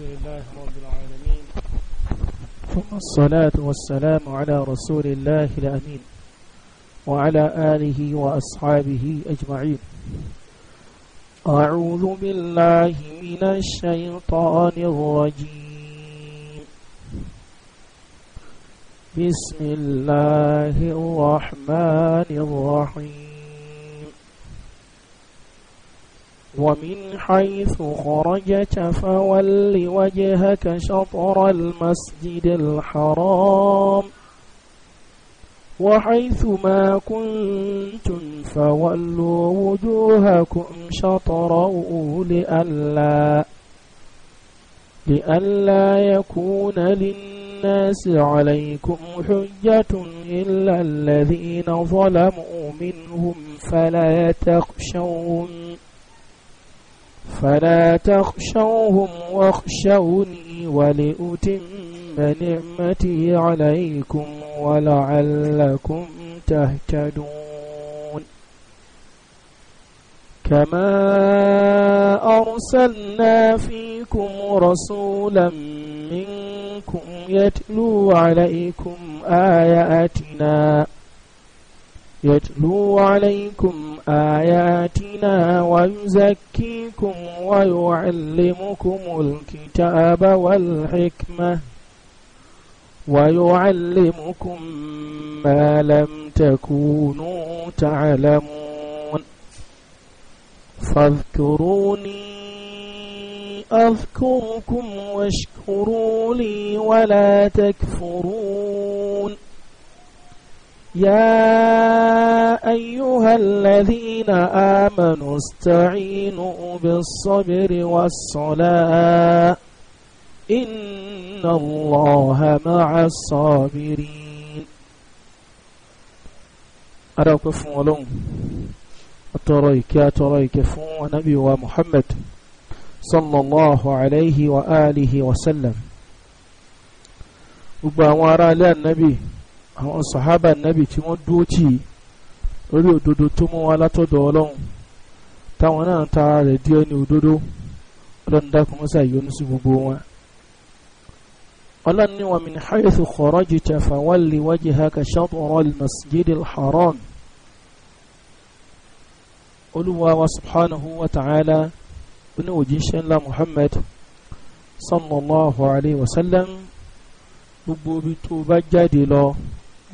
الحمد لله رب العالمين ثم الصلاة والسلام على رسول الله الأمين وعلى آله وأصحابه أجمعين أعوذ بالله من الشيطان الرجيم بسم الله الرحمن الرحيم ومن حيث خرجت فول وجهك شطر المسجد الحرام وحيث ما كنتم فولوا وجوهكم شطروا لئلا لئلا يكون للناس عليكم حجة إلا الذين ظلموا منهم فلا تخشون فلا تخشوهم واخشوني ولأتم نعمتي عليكم ولعلكم تهتدون كما أرسلنا فيكم رسولا منكم يتلو عليكم آياتنا يتلو عليكم آياتنا ويزكيكم ويعلمكم الكتاب والحكمة ويعلمكم ما لم تكونوا تعلمون فاذكروني أذكركم واشكروا لي ولا تكفرون يا أيها الذين آمنوا استعينوا بالصبر والصلاة إن الله مع الصابرين أراك فولون أتريك أتريك فو نبي ومحمد صلى الله عليه وآله وسلم وراء للنبي àwọn sàhábà nàbì tí wọ́n dúró tì í lórí òdodo tó mú wa látọ̀dọ̀ ọlọ́run táwọn náà ta rẹ̀ di ẹni òdodo ọlọ́run dákun mọ́sá ìyọnu sí gbogbo wọn. ọlọ́run ní wa min haythu kharajta fawalli wajhaka shatral masjidil haram olúwa wa subhanahu wa ta'ala ní òjíṣẹ́ ńlá muhammad sallallahu alayhi wa sallam gbogbo ibi tó bá jáde lọ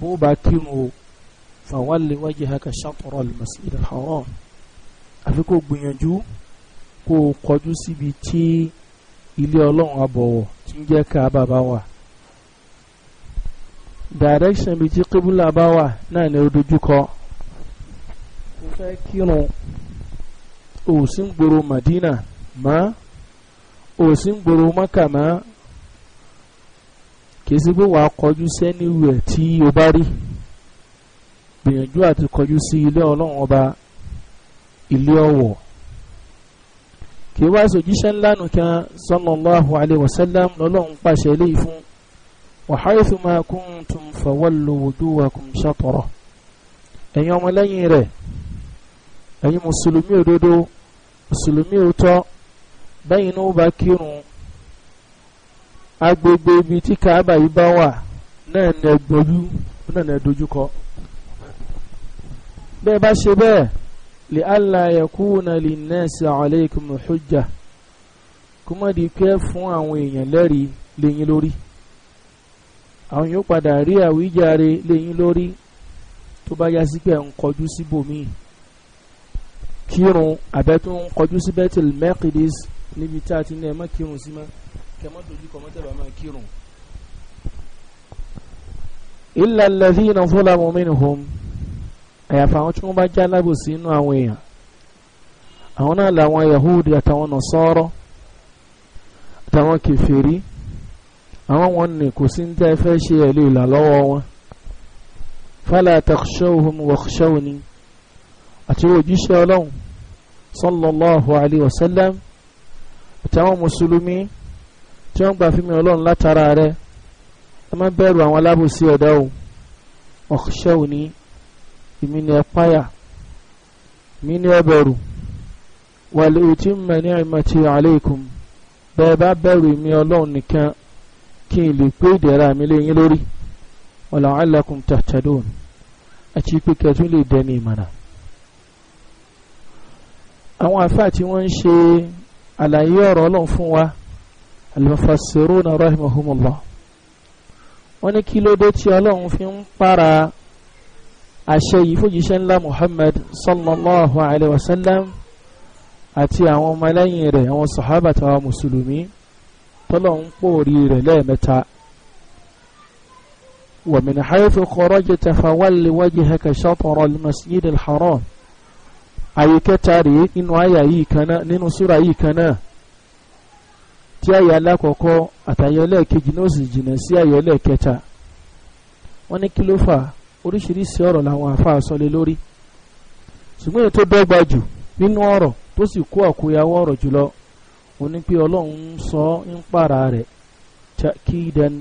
bó bá kírun o fawalli wajhaka shatra al-masjid al-haram àfi kó gbìyànjú kó kọjú síbi tí ilé ọlọ́run abọ̀wọ̀ tí ń jẹ́ káàbà bá wà direction bíi tí kébùlà bá wà náà ni ó dojúkọ ó fẹ́ kírun ó gbòòrò Madina mọ́ ó sì ń gbòòrò Maka mọ́ kì í ṣe pé wàá kọjú sẹ́ni rẹ̀ tí o bá rí gbìyànjú àti kọjú sí ilé ọlọ́run ọba ilé ọ̀wọ̀ kì í wá sòjíṣẹ́ ńlá nìkan sallallahu alaihi wasallam lọ́lọ́run pàṣẹ eléyìí fún wa haythu ma kuntum fawallu wujuhakum shatara ẹ̀yin ọmọlẹ́yìn rẹ̀ ẹ̀yin mùsùlùmí òdodo mùsùlùmí òótọ́ bẹ́yìn ní bá kírun agbègbè ibi tí kaaba yìí bá wà náà ní ẹgbọ́jú náà ní ẹdójúkọ bẹ́ẹ̀ bá ṣe bẹ́ẹ̀ lè aláyẹ̀kúnà lè nẹ́ẹ̀sì alaykum hujja kó má di pé fún àwọn èèyàn lẹ́rìí lẹ́yìn lórí àwọn yóò padà rí àwíjàre lẹ́yìn lórí tó bá yá sí pé ń kọjú síbòmíì kírun àbẹ́tún kọjú sí Baitul Maqdis níbi tá a ti ní ẹ̀ má kírun sí mọ́ kẹmọ́ dojú kọ mọ́tẹ́bà máa kírun. illa alladhina zulamu minhum àyàfà àwọn tí wọ́n bá já alábòsí inú àwọn èèyàn àwọn náà làwọn yahudi àtàwọn nasara àtàwọn kèfèrí àwọn wọn ní kò sí ní tẹ́ ṣe ẹ̀lú ìlà lọ́wọ́ wọn fala takhshawhum wakhshawni àti òjíṣẹ́ ọlọ́run sallallahu alayhi wa àtàwọn mùsùlùmí tí wọ́n gbà fún mi ọlọ́run látara rẹ ẹ má bẹ̀rù àwọn alábòsí ẹ̀dá o ọ̀ṣẹ́ òní èmi ni ẹ páyà èmi ni ẹ bẹ̀rù wàlẹ̀ òtí mẹ́ ní àìmọ̀tì àlékún bẹ́ẹ̀ bá bẹ̀rù mi ọlọ́run nìkan kí n lè pé ìdẹ̀ra mi lé yín lórí ọ̀là alákùn tàtàdùn àti pé kẹtún lè dẹni ìmọ̀nà. àwọn àfáà tí wọ́n ń ṣe àlàyé ọ̀rọ̀ ọlọ́run fún wa al-mufassiruna rahimahumullah wọ́n ní kí ló dé tí ọlọ́run fi ń para àṣẹ yìí fòjíṣẹ́ ńlá muhammad sallallahu alayhi wa sallam àti àwọn ọmọlẹ́yìn rẹ̀ àwọn sàhábà tàwa mùsùlùmí tọ́lọ́run pòórí rẹ̀ lẹ́ẹ̀mẹ́ta ومن حيث خرجت فول وجهك شطر المسجد الحرام أي كتاري إنو آية إيكنا ننو سورة إيكنا tí àyà alákọ̀ọ́kọ́ àtàyọ̀lẹ̀ kejì náà sì jìnnà sí àyọ̀lẹ̀ kẹta wọ́n ní kí ló fà oríṣiríṣi ọ̀rọ̀ làwọn àáfàá sọ lé lórí ṣùgbọ́n èyí tó dọ́gba jù nínú ọ̀rọ̀ tó sì kó àkóyawọ́ ọ̀rọ̀ jùlọ ó ní pé ọlọ́run ń sọ ń pààrà rẹ̀ takidan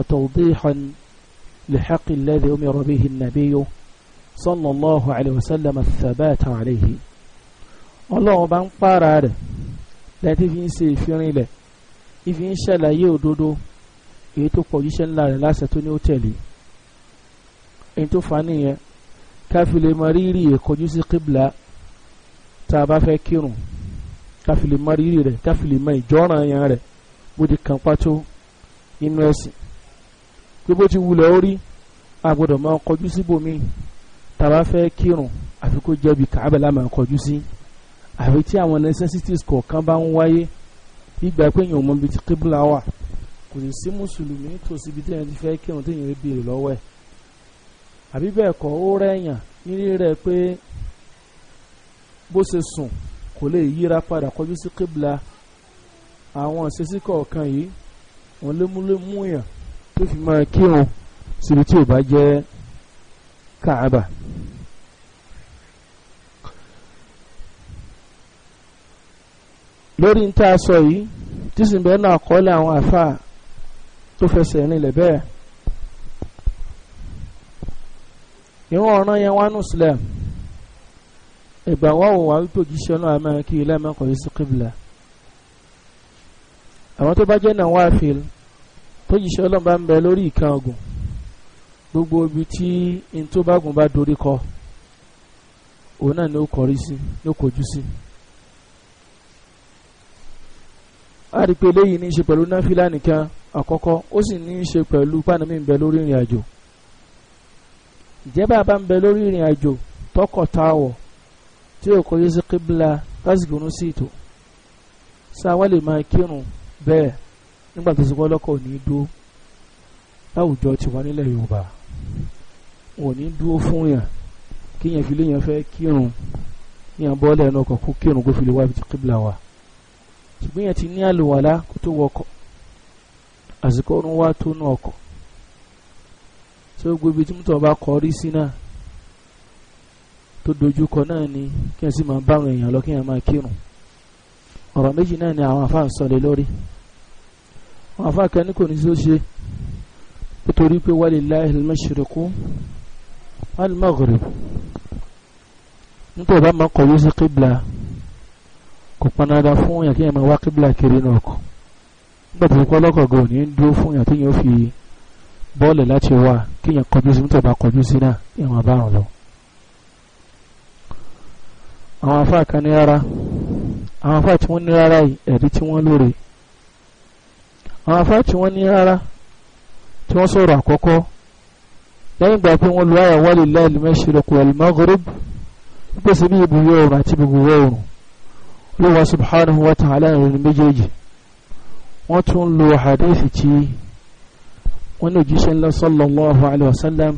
ọ̀tọ̀ọ̀dẹ́hàn lẹ́xàkì omi ọ̀rọ̀ bíi nàbíyó sallallahu ọlọ́run bá ń pààrà rẹ̀ láti fi ń ṣe ìfirinlẹ̀ ìfi ń ṣàlàyé òdodo èyí tó pọ̀ jíṣẹ́ ńlá rẹ̀ láṣẹ tó ní ó tẹ̀lé èyí tó fa nìyẹn káfí lè mọ rírì ìkọjú sí kíbla tá a bá fẹ́ kírun káfí lè mọ rírì rẹ̀ káfí lè mọ ìjọ́ràn yẹn rẹ̀ bó ti kàn pátó inú ẹ̀sìn pé bó ti wulẹ̀ ó rí a gbọ́dọ̀ máa kọjú síbòmíì tá a bá fẹ́ kírun àfi jẹ́bi kàábẹ̀ lámà kọjú sí àfi tí àwọn necessities kọ̀ọ̀kan bá ń wáyé ìgbà pé èèyàn mọ ibi tí kíbùlà wà kò sì sí mùsùlùmí tòsí ibi téèyàn ti fẹ́ kírun téèyàn béèrè lọ́wọ́ ẹ̀ àbí bẹ́ẹ̀ kọ́ ó rẹ̀yàn nílé rẹ̀ pé bó ṣe sùn kò lè yíra padà kọjú sí kíbùlà àwọn ìṣesí kọ̀ọ̀kan yìí wọn lé mú tó fi máa kírun síbi tí ò bá jẹ́ káàbà. lórí ń tá a sọ yìí tí sì bẹ́ẹ̀ náà kọ́lé àwọn àfáà tó fẹsẹ̀ rinlẹ̀ bẹ́ẹ̀ ìwọ̀n ọ̀ràn yẹn wánú sílẹ̀ ìgbà wọ́n wò wá wípé òjíṣẹ́ náà máa kí ilé mẹ́kọ̀ọ́ yìí sí kíbìlà àwọn tó bá jẹ́ náà wá fìlì tó jíṣẹ́ ọlọ́mọba ń bẹ lórí ìkan ọ̀gùn gbogbo ibi tí ntóbágùn bá dorí kọ òun náà ni ó kọrí sí ni ó kọjú sí. Si a rí pé eléyìí ní í ṣe pẹ̀lú náfìlà nìkan àkọ́kọ́ ó sì ní í ṣe pẹ̀lú pánami ń bẹ lórí ìrìn àjò ìjẹ́ bàbá ń bẹ lórí ìrìn àjò tọkọ̀ táwọ̀ tí ò kọjú sí kíbla lásìkò sí ìtò sáwá lè máa kírun bẹ́ẹ̀ nígbà tó ti wọ́n lọ́kọ̀ ò ní dúró láwùjọ ti wá nílẹ̀ Yorùbá ò ní dúró fún yàn kí yẹn fi lè fẹ́ kírun yẹn bọ́ lẹ́nu ọkọ̀ kó kírun kó fi lè wá kíbla wa ṣùgbọ́n yẹn ti ní àlùwàlá kó tó wọkọ̀ àsìkò ọ̀run wá tó nú ọkọ̀ tó gbogbo ibi tí mọ́tò bá kọrí sí náà tó dojúkọ náà ni kí n sì máa bá àwọn èèyàn lọ kí n máa kírun ọ̀rọ̀ méjì náà ni àwọn afáà ń sọlẹ̀ lórí àwọn afáà kan kò ní tó ṣe nítorí pé walillahi al-mashriqu wal-maghrib nítorí bá máa kọ̀wé sí kíbla kò pọn dandan fún yàn kí yàn máa wá kíbla kiri inú ọkọ̀ nígbà tó kọ́ lọ́kọ̀ gan ní dúró fún yàn tí yàn fi bọ́ọ̀lù láti wà kí yàn kọjú sí mọ́tò bá kọjú sí náà yàn máa bá wọn lọ. àwọn afá kan ní rárá àwọn afá tí wọ́n ní rárá yìí tí wọ́n lóore àwọn afá tí wọ́n ní rárá tí wọ́n sọ̀rọ̀ àkọ́kọ́ lẹ́yìn ìgbà pé wọ́n lu àyà wálé láìlú mẹ́sìlẹ̀ kò ẹ̀lú mọ́gọ́rọ́bù bí ibùyọ̀ ọ̀run àti ibùyọ̀ ọ̀run lọ́wọ́ subhanahu wa ta'ala nínú méjèèjì wọ́n tún lo hadithi tí wọ́n ní òjíṣẹ́ ńlá sallallahu alayhi wa sallam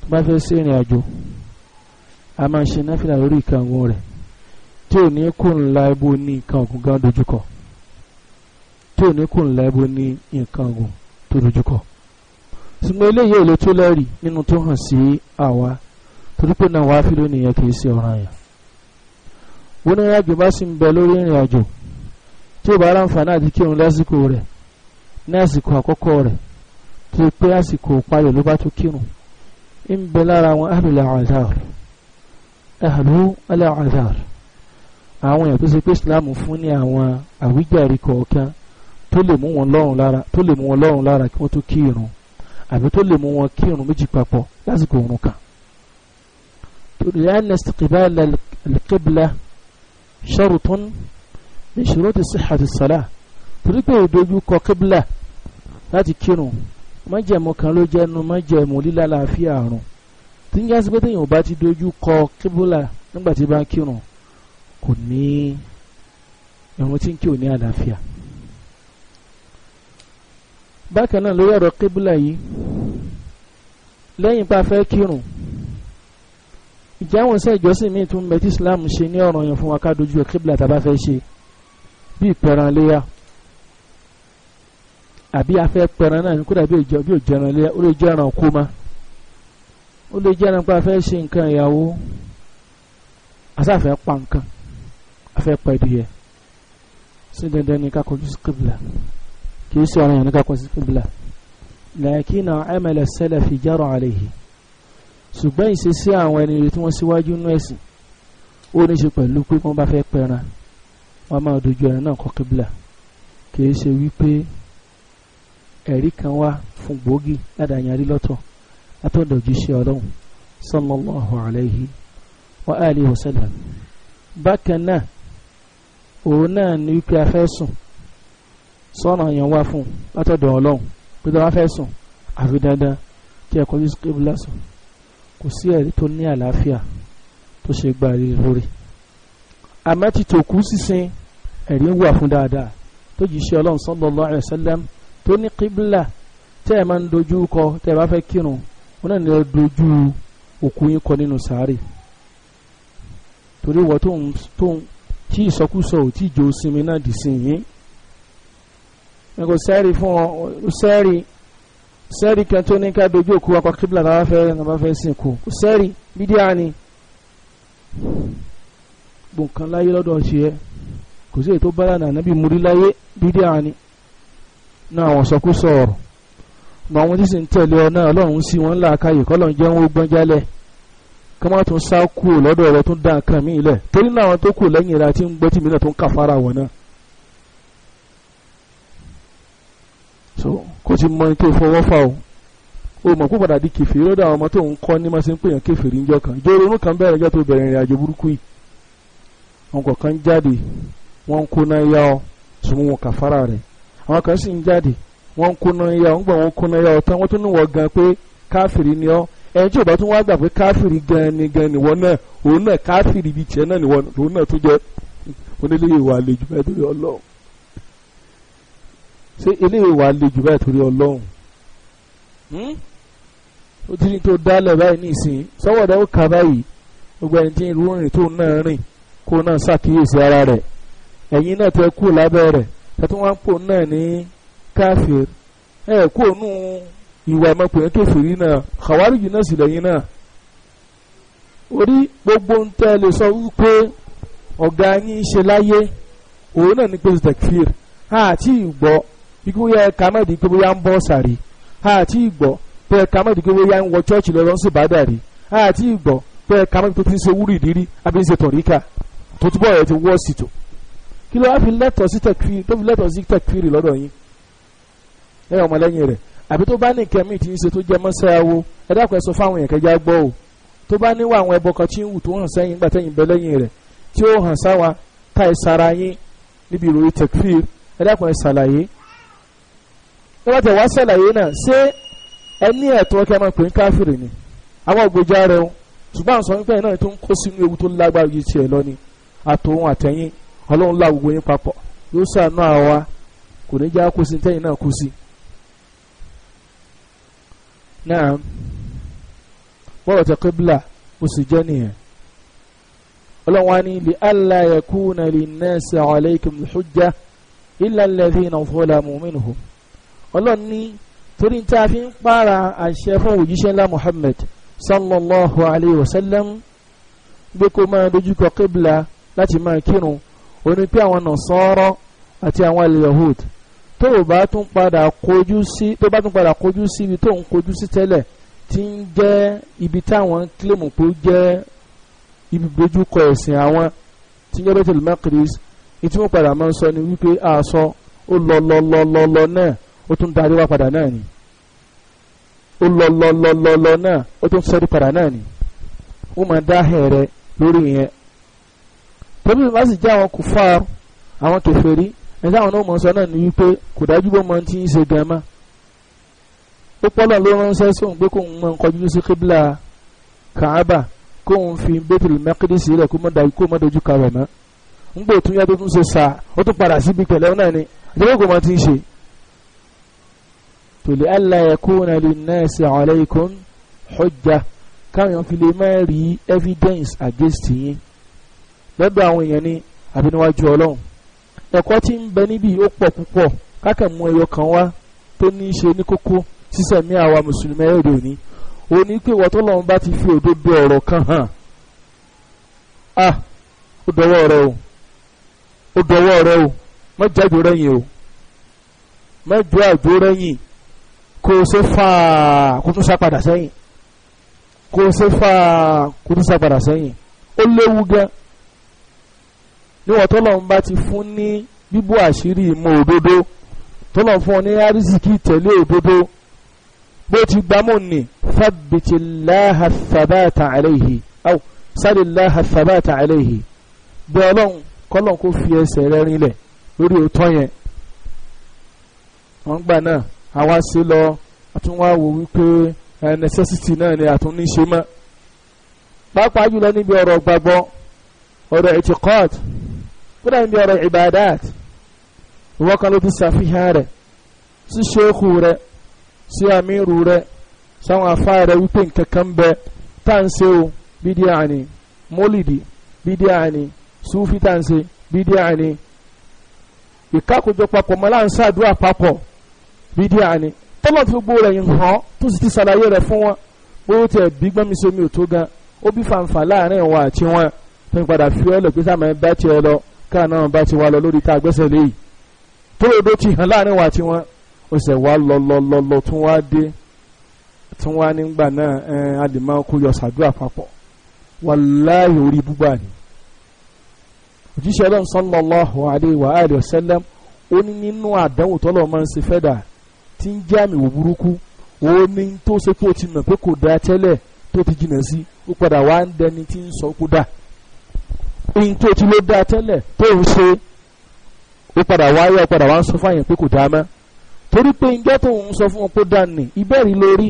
tó bá fẹ́ sí ìrìn àjò a máa ṣe náfìlà lórí ìkàngún rẹ̀ tí ò ní kò ńlá ibo ní nǹkan ọ̀gùn gan dojúkọ tí ò ní kò ńlá ibo ní nǹkan ọ̀gùn tó dojúkọ ṣùgbọ́n eléyìí ò tó lẹ́rìí nínú tó hàn sí àwa torí náà wàá fi lónìí yẹn kì í ọ̀ràn yẹn onírìn àjò bá sì ń bẹ lórí ìrìn àjò tí ó bá ráǹfààní àti kírun lásìkò rẹ̀ ní àsìkò àkọ́kọ́ rẹ̀ tí pé àsìkò payọ̀ ló bá tó kírun ń bẹ lára àwọn ahlul azar ahlu al-azar àwọn èèyàn tó ṣe pé islam fún ní àwọn àwíjàre kọ̀ọ̀kan tó lè mú wọn lọ́rùn lára kí wọ́n tó kírun àbí tó lè mú wọn kírun méjì papọ̀ lásìkò òrùn kan. torí ẹ́ nẹ́sìtì kìbá al sharutun min shuruti sihhati salah torí pé ìdojú kọ kíbla láti kírun májẹ̀mú kan ló jẹ́nu májẹ̀mú lílá láàfíà àrùn tí ń já sí pé téèyàn bá ti dojú kọ kíbla nígbà tí bá ń kírun kò ní ìrun tí ń kí ò ní àlàáfíà. bákan náà lórí ọ̀rọ̀ kíbla yìí lẹ́yìn pa fẹ́ kírun ìjẹ́ àwọn iṣẹ́ ìjọsìn míì tún mẹ́tí islam ṣe ní ọ̀ràn yẹn fún wa ká dojú kíbla tá a bá fẹ́ ṣe bí ìpẹran léyà àbí afẹ́ pẹran náà ní kódà bí òjẹran léyà ó lè jẹ́ ẹran kó ma ó lè jẹ́ ẹran pé a fẹ́ ṣe nǹkan ìyàwó asáfẹ́ pa nǹkan afẹ́ pa ìdíyẹ sí dandan ní ká kọjú sí kíbla kì í sí ọ̀ràn yẹn ní ká kọjú sí kíbla làákínà amala salafi jara alayhi ṣùgbọ́n ìṣesí àwọn ẹni tí wọ́n síwájú nú ẹ̀sìn ó ní ṣe pẹ̀lú pé wọ́n bá fẹ́ pẹran wọ́n máa dojú ẹran náà kọ́ kíbla kìí ṣe wípé ẹ̀rí kan wá fún gbòógì ládàáyàrí lọ́tọ̀ látọ̀dọ̀ jíṣẹ́ ọlọ́run sallallahu alayhi wa alihi wa sallam bákan náà òun náà ní wípé a fẹ́ sùn sọ́nà yẹn wá fún látọ̀dọ̀ ọlọ́run pé tó wá fẹ́ sùn àfi dandan kí ẹ kọjú sí kébùlà kò sí ẹ̀rí tó ní àlàáfíà tó ṣe gba rí lórí àmọ́ ti tòkú sísin ẹ̀rí ń wà fún dáadáa tó jì ṣe ọlọ́run sallallahu alaihi wasallam tó ní kíbílà tẹ́ ẹ̀ máa ń dojú kọ tẹ́ ẹ bá fẹ́ kírun wọn náà ní dojú òkú yín kọ nínú sàárè torí wọ́n tó ń tó ń tí ìsọkúsọ ò tí ìjọ sinmi náà dì sí yín ẹ sẹ́ẹ̀rì fún ọ sẹ́ẹ̀rì sẹ́ẹ̀rì kan tó ní ká dojú òkú wa kọ́ kíbla tá a bá fẹ́ tá a bá fẹ́ sìnkú sẹ́ẹ̀rì bídíà ni gbọ̀ǹkan láyé lọ́dọ̀ ṣe é kò sí èyí tó bá lànà ànábì múrí láyé bídíà ni náà àwọn sọkú sọ̀rọ̀ gbọ́n àwọn tí sì ń tẹ̀lé ọ náà ọlọ́run sí wọn làákàyè kọ́lọ́n jẹ́ wọn gbọ́n jálẹ̀ kí wọ́n tún sá kú lọ́dọ̀ rẹ̀ tún dá nǹkan mí ilẹ̀ torí náà àwọn tó kù lẹ́yìn rẹ̀ àti ń gbọ́ tìmílẹ̀ tó ń kàfàrà wọn náà so kó ti mọ tó fọwọ́ fà o o mọ̀ kó padà di kẹfìrí lọ́dọ̀ àwọn ọmọ tó ń kọ́ ní máa ṣe ń pè yàn kẹfìrí ńjọ́ kan ìjọ ronú kan bẹ̀rẹ̀ ẹjọ́ tó bẹ̀rẹ̀ ìrìn àjò burúkú yìí wọn kọ̀ kan jáde wọn ń kóná yá ọ sùnmù wọn kàfàrà rẹ̀ àwọn kan sì ń jáde wọn ń kóná yá ọ ń gbà wọn kóná yá ọ tán wọn tún ní wọ gan pé káfìrí ni ọ ẹni tí ò bá tún wá gbà pé káfìrí gan ni gan ni wọn náà òun náà ṣé eléyìí wà á le jù báyìí torí ọlọ́run hmm? ó ti ní tó dálẹ̀ báyìí nísìnyí sọ́wọ́dà ó kà báyìí gbogbo ẹni tí irú rìn tó náà rìn kó náà ṣàkíyèsí ara rẹ̀ ẹ̀yin náà tẹ kú lábẹ́ rẹ̀ tẹ́tí wọ́n á pò náà ní káfíìr ẹ̀ kú ònú ìwà ọmọkùnrin kẹfìrí náà kàwárìjì náà sì lẹ́yìn náà orí gbogbo ń tẹ́ lè sọ wípé ọ̀gá yín ṣe láyé òun náà ní pé zakir àti ìgbọ́ ikú yẹ kàmẹ́ẹ̀dì pé bóyá ń bọ́ sàrí àti ìgbọ́ pé kàmẹ́ẹ̀dì pé bóyá ń wọ chọ́ọ̀chì lọ́rọ́ ń sì bá dàrí àti ìgbọ́ pé kàmẹ́ẹ̀dì tó ti ń ṣe wúrì ìdírí àbí ń ṣe tọ̀ríkà tó túbọ̀ rẹ̀ ti wọ́ sí tò kí ló wá fi lẹ́tọ̀ sí tẹ̀kfírì tó fi lẹ́tọ̀ sí tẹ̀kfírì lọ́dọ̀ yín ẹ ọmọlẹ́yìn rẹ̀ àbí tó bá ní nǹkan míì tí ń ṣe tó jẹ mọ́sáyàwó ẹ dákun ẹ ṣàlàyé wọ́n tẹ̀ wá sàlàyé náà ṣé ẹ ní ẹ̀tọ́ kí a máa pè ní káfíìrì ni àwọn ògbójá rẹ̀ ń ṣùgbọ́n àwọn sọ̀rọ̀ nípa náà tó ń kó sínú ewu tó lágbára ju tiẹ̀ lọ ni àtòun àtẹ̀yìn ọlọ́run lá gbogbo yín papọ̀ yóò ṣàánú àwa kò ní já kó sí tẹ́yìn náà kó sí. náà bọ́lọ̀ tẹ kébìlà ó sì jẹ́ nìyẹn ọlọ́run wa ní li alla yakuna linnasi alaykum hujja illa alladhina ọlọ́run ní torí tí a fi ń pààrà àṣẹ fún òjíṣẹ́ ńlá Muhammad sallallahu alayhi wa sallam gbé kó máa dojúkọ kébìlà láti máa kírun ó ní pé àwọn Nasara àti àwọn al-Yahud tó o bá tún padà kojú sí tó bá tún padà kojú sí ibi tó ń kojú sí tẹ́lẹ̀ tí ń jẹ́ ibi táwọn kílèmù pé ó jẹ́ ibi dojúkọ ẹ̀sìn àwọn tí ń jẹ́ Baitul Maqdis ìtumọ̀ padà máa ń sọ ni wípé àṣọ ó lọ lọ lọ lọ náà ó tún darí wá padà náà ni ó lọ lọ lọ lọ lọ náà ó tún sẹ́rí padà náà ni ó máa dá hẹ̀rẹ̀ lórí yẹn tẹ́lẹ̀ ní láti jẹ́ àwọn kùfàr àwọn kèfèrí ẹ̀dá àwọn náà mọ̀ sọ náà ni wípé kò dájú bó mọ tí ń ṣe gẹ̀ẹ́mà ó pọ́lọ̀ ló ránṣẹ́ sóhun pé kóun máa ń kọjú sí kíbla kàábà kóun fi bẹ́tìlì mẹ́kìdìsì rẹ̀ kó mọ́ dojú kàwẹ̀ mọ́ ń gbé òtún tó tún ṣe sà ó tún padà síbi pẹ̀lẹ́ náà ni àjẹ́wé kò mọ tí ń ṣe فلئلا يكون للناس عليكم حجة káwọn fi lè máa rí evidence against yín lọ́dọ̀ àwọn èèyàn ní àbíníwájú ọlọ́run ẹ̀kọ́ tí ń bẹ níbí ó pọ̀ púpọ̀ kákẹ́mú ẹyọ kan wá tó ní í ṣe ní kókó sísẹ̀mí àwa mùsùlùmí ẹ̀rọ òní òní pé ìwọ tọ́lọ́run bá ti fi òdodo ọ̀rọ̀ kan hàn á ó dọwọ́ rẹ o ó dọwọ́ rẹ o mọ́jáde rẹ́yìn o mọ́jọ́ àjò rẹ́yìn kó o ṣe fà á kó tún sá padà sẹ́yìn kó o ṣe fà á kó tún sá padà sẹ́yìn ó léwu gan níwọ̀n tọ́lọ́run bá ti fún ní bíbú àṣírí ìmọ̀ òdodo tọ́lọ́run fún ọ ní àrísìkí tẹ̀lé òdodo bó ti gbámú ni fábìtì láha thabata alayhi aw sáré láha thabata alayhi bí ọlọ́run kọ́lọ́run kó fi ẹsẹ̀ rẹ̀ rinlẹ̀ lórí òótọ́ yẹn wọ́n gbà náà àwa ṣe lọ àtún wá wò wípé necessity náà ni àtún ní ṣe mọ́ pàápàá jùlọ níbi ọ̀rọ̀ gbàgbọ́ ọ̀rọ̀ ìtìkọ́t kódà níbi ọ̀rọ̀ ìbàdàt ìwọ kan ló ti ṣàfihàn rẹ̀ sí ṣéèkù rẹ̀ sí àmírù rẹ̀ sáwọn afá rẹ̀ wípé nǹkan kan bẹ tàǹsẹ̀ o bídíà ni mólìdì bídíà ni súfì tàǹsẹ̀ bídíà ni ìkákòjọ papọ̀ mọ́lá ń ṣàdúrà papọ̀ bídíà ni tọ́lọ̀ tí gbogbo rẹ̀ hàn tó sì ti ṣàlàyé rẹ̀ fún wọn bóyá tiẹ̀ bí gbọ́n mi sómi ò tó gan ó bí fàǹfà láàrin wọn àti wọn tó ń padà fi ọ́ lọ pé sáà máa bá tiẹ̀ lọ káà náà bá ti wá lọ lórí tá gbẹ́sẹ̀ léyìí tó lè dó ti hàn láàrin wọn àti wọn ó sì wá lọ lọ lọ lọ tún wá dé tún wá nígbà náà ẹ a lè máa kó yọ sàdúrà papọ̀ wàláyé orí búgbà ni òjíṣẹ́ lọ́n sallallahu alaihi wa alihi wasallam ó ní nínú àdánwò tọ́lọ́ máa ń ṣe fẹ́ tí ń jẹ́ àmì wò burúkú òun ni tó ṣe pé o ti mọ̀ pé kò dáa tẹ́lẹ̀ tó ti jìnnà sí ó padà wá ń dẹni tí ń sọ kó dáa ohun tó ti ló dáa tẹ́lẹ̀ tó ń ṣe ó padà wá yá ó padà wá ń sọ fáyẹn pé kò dáa mọ́ torí pé njẹ́ tó ń sọ fún wọn kó dáa nì ìbẹ́rì lórí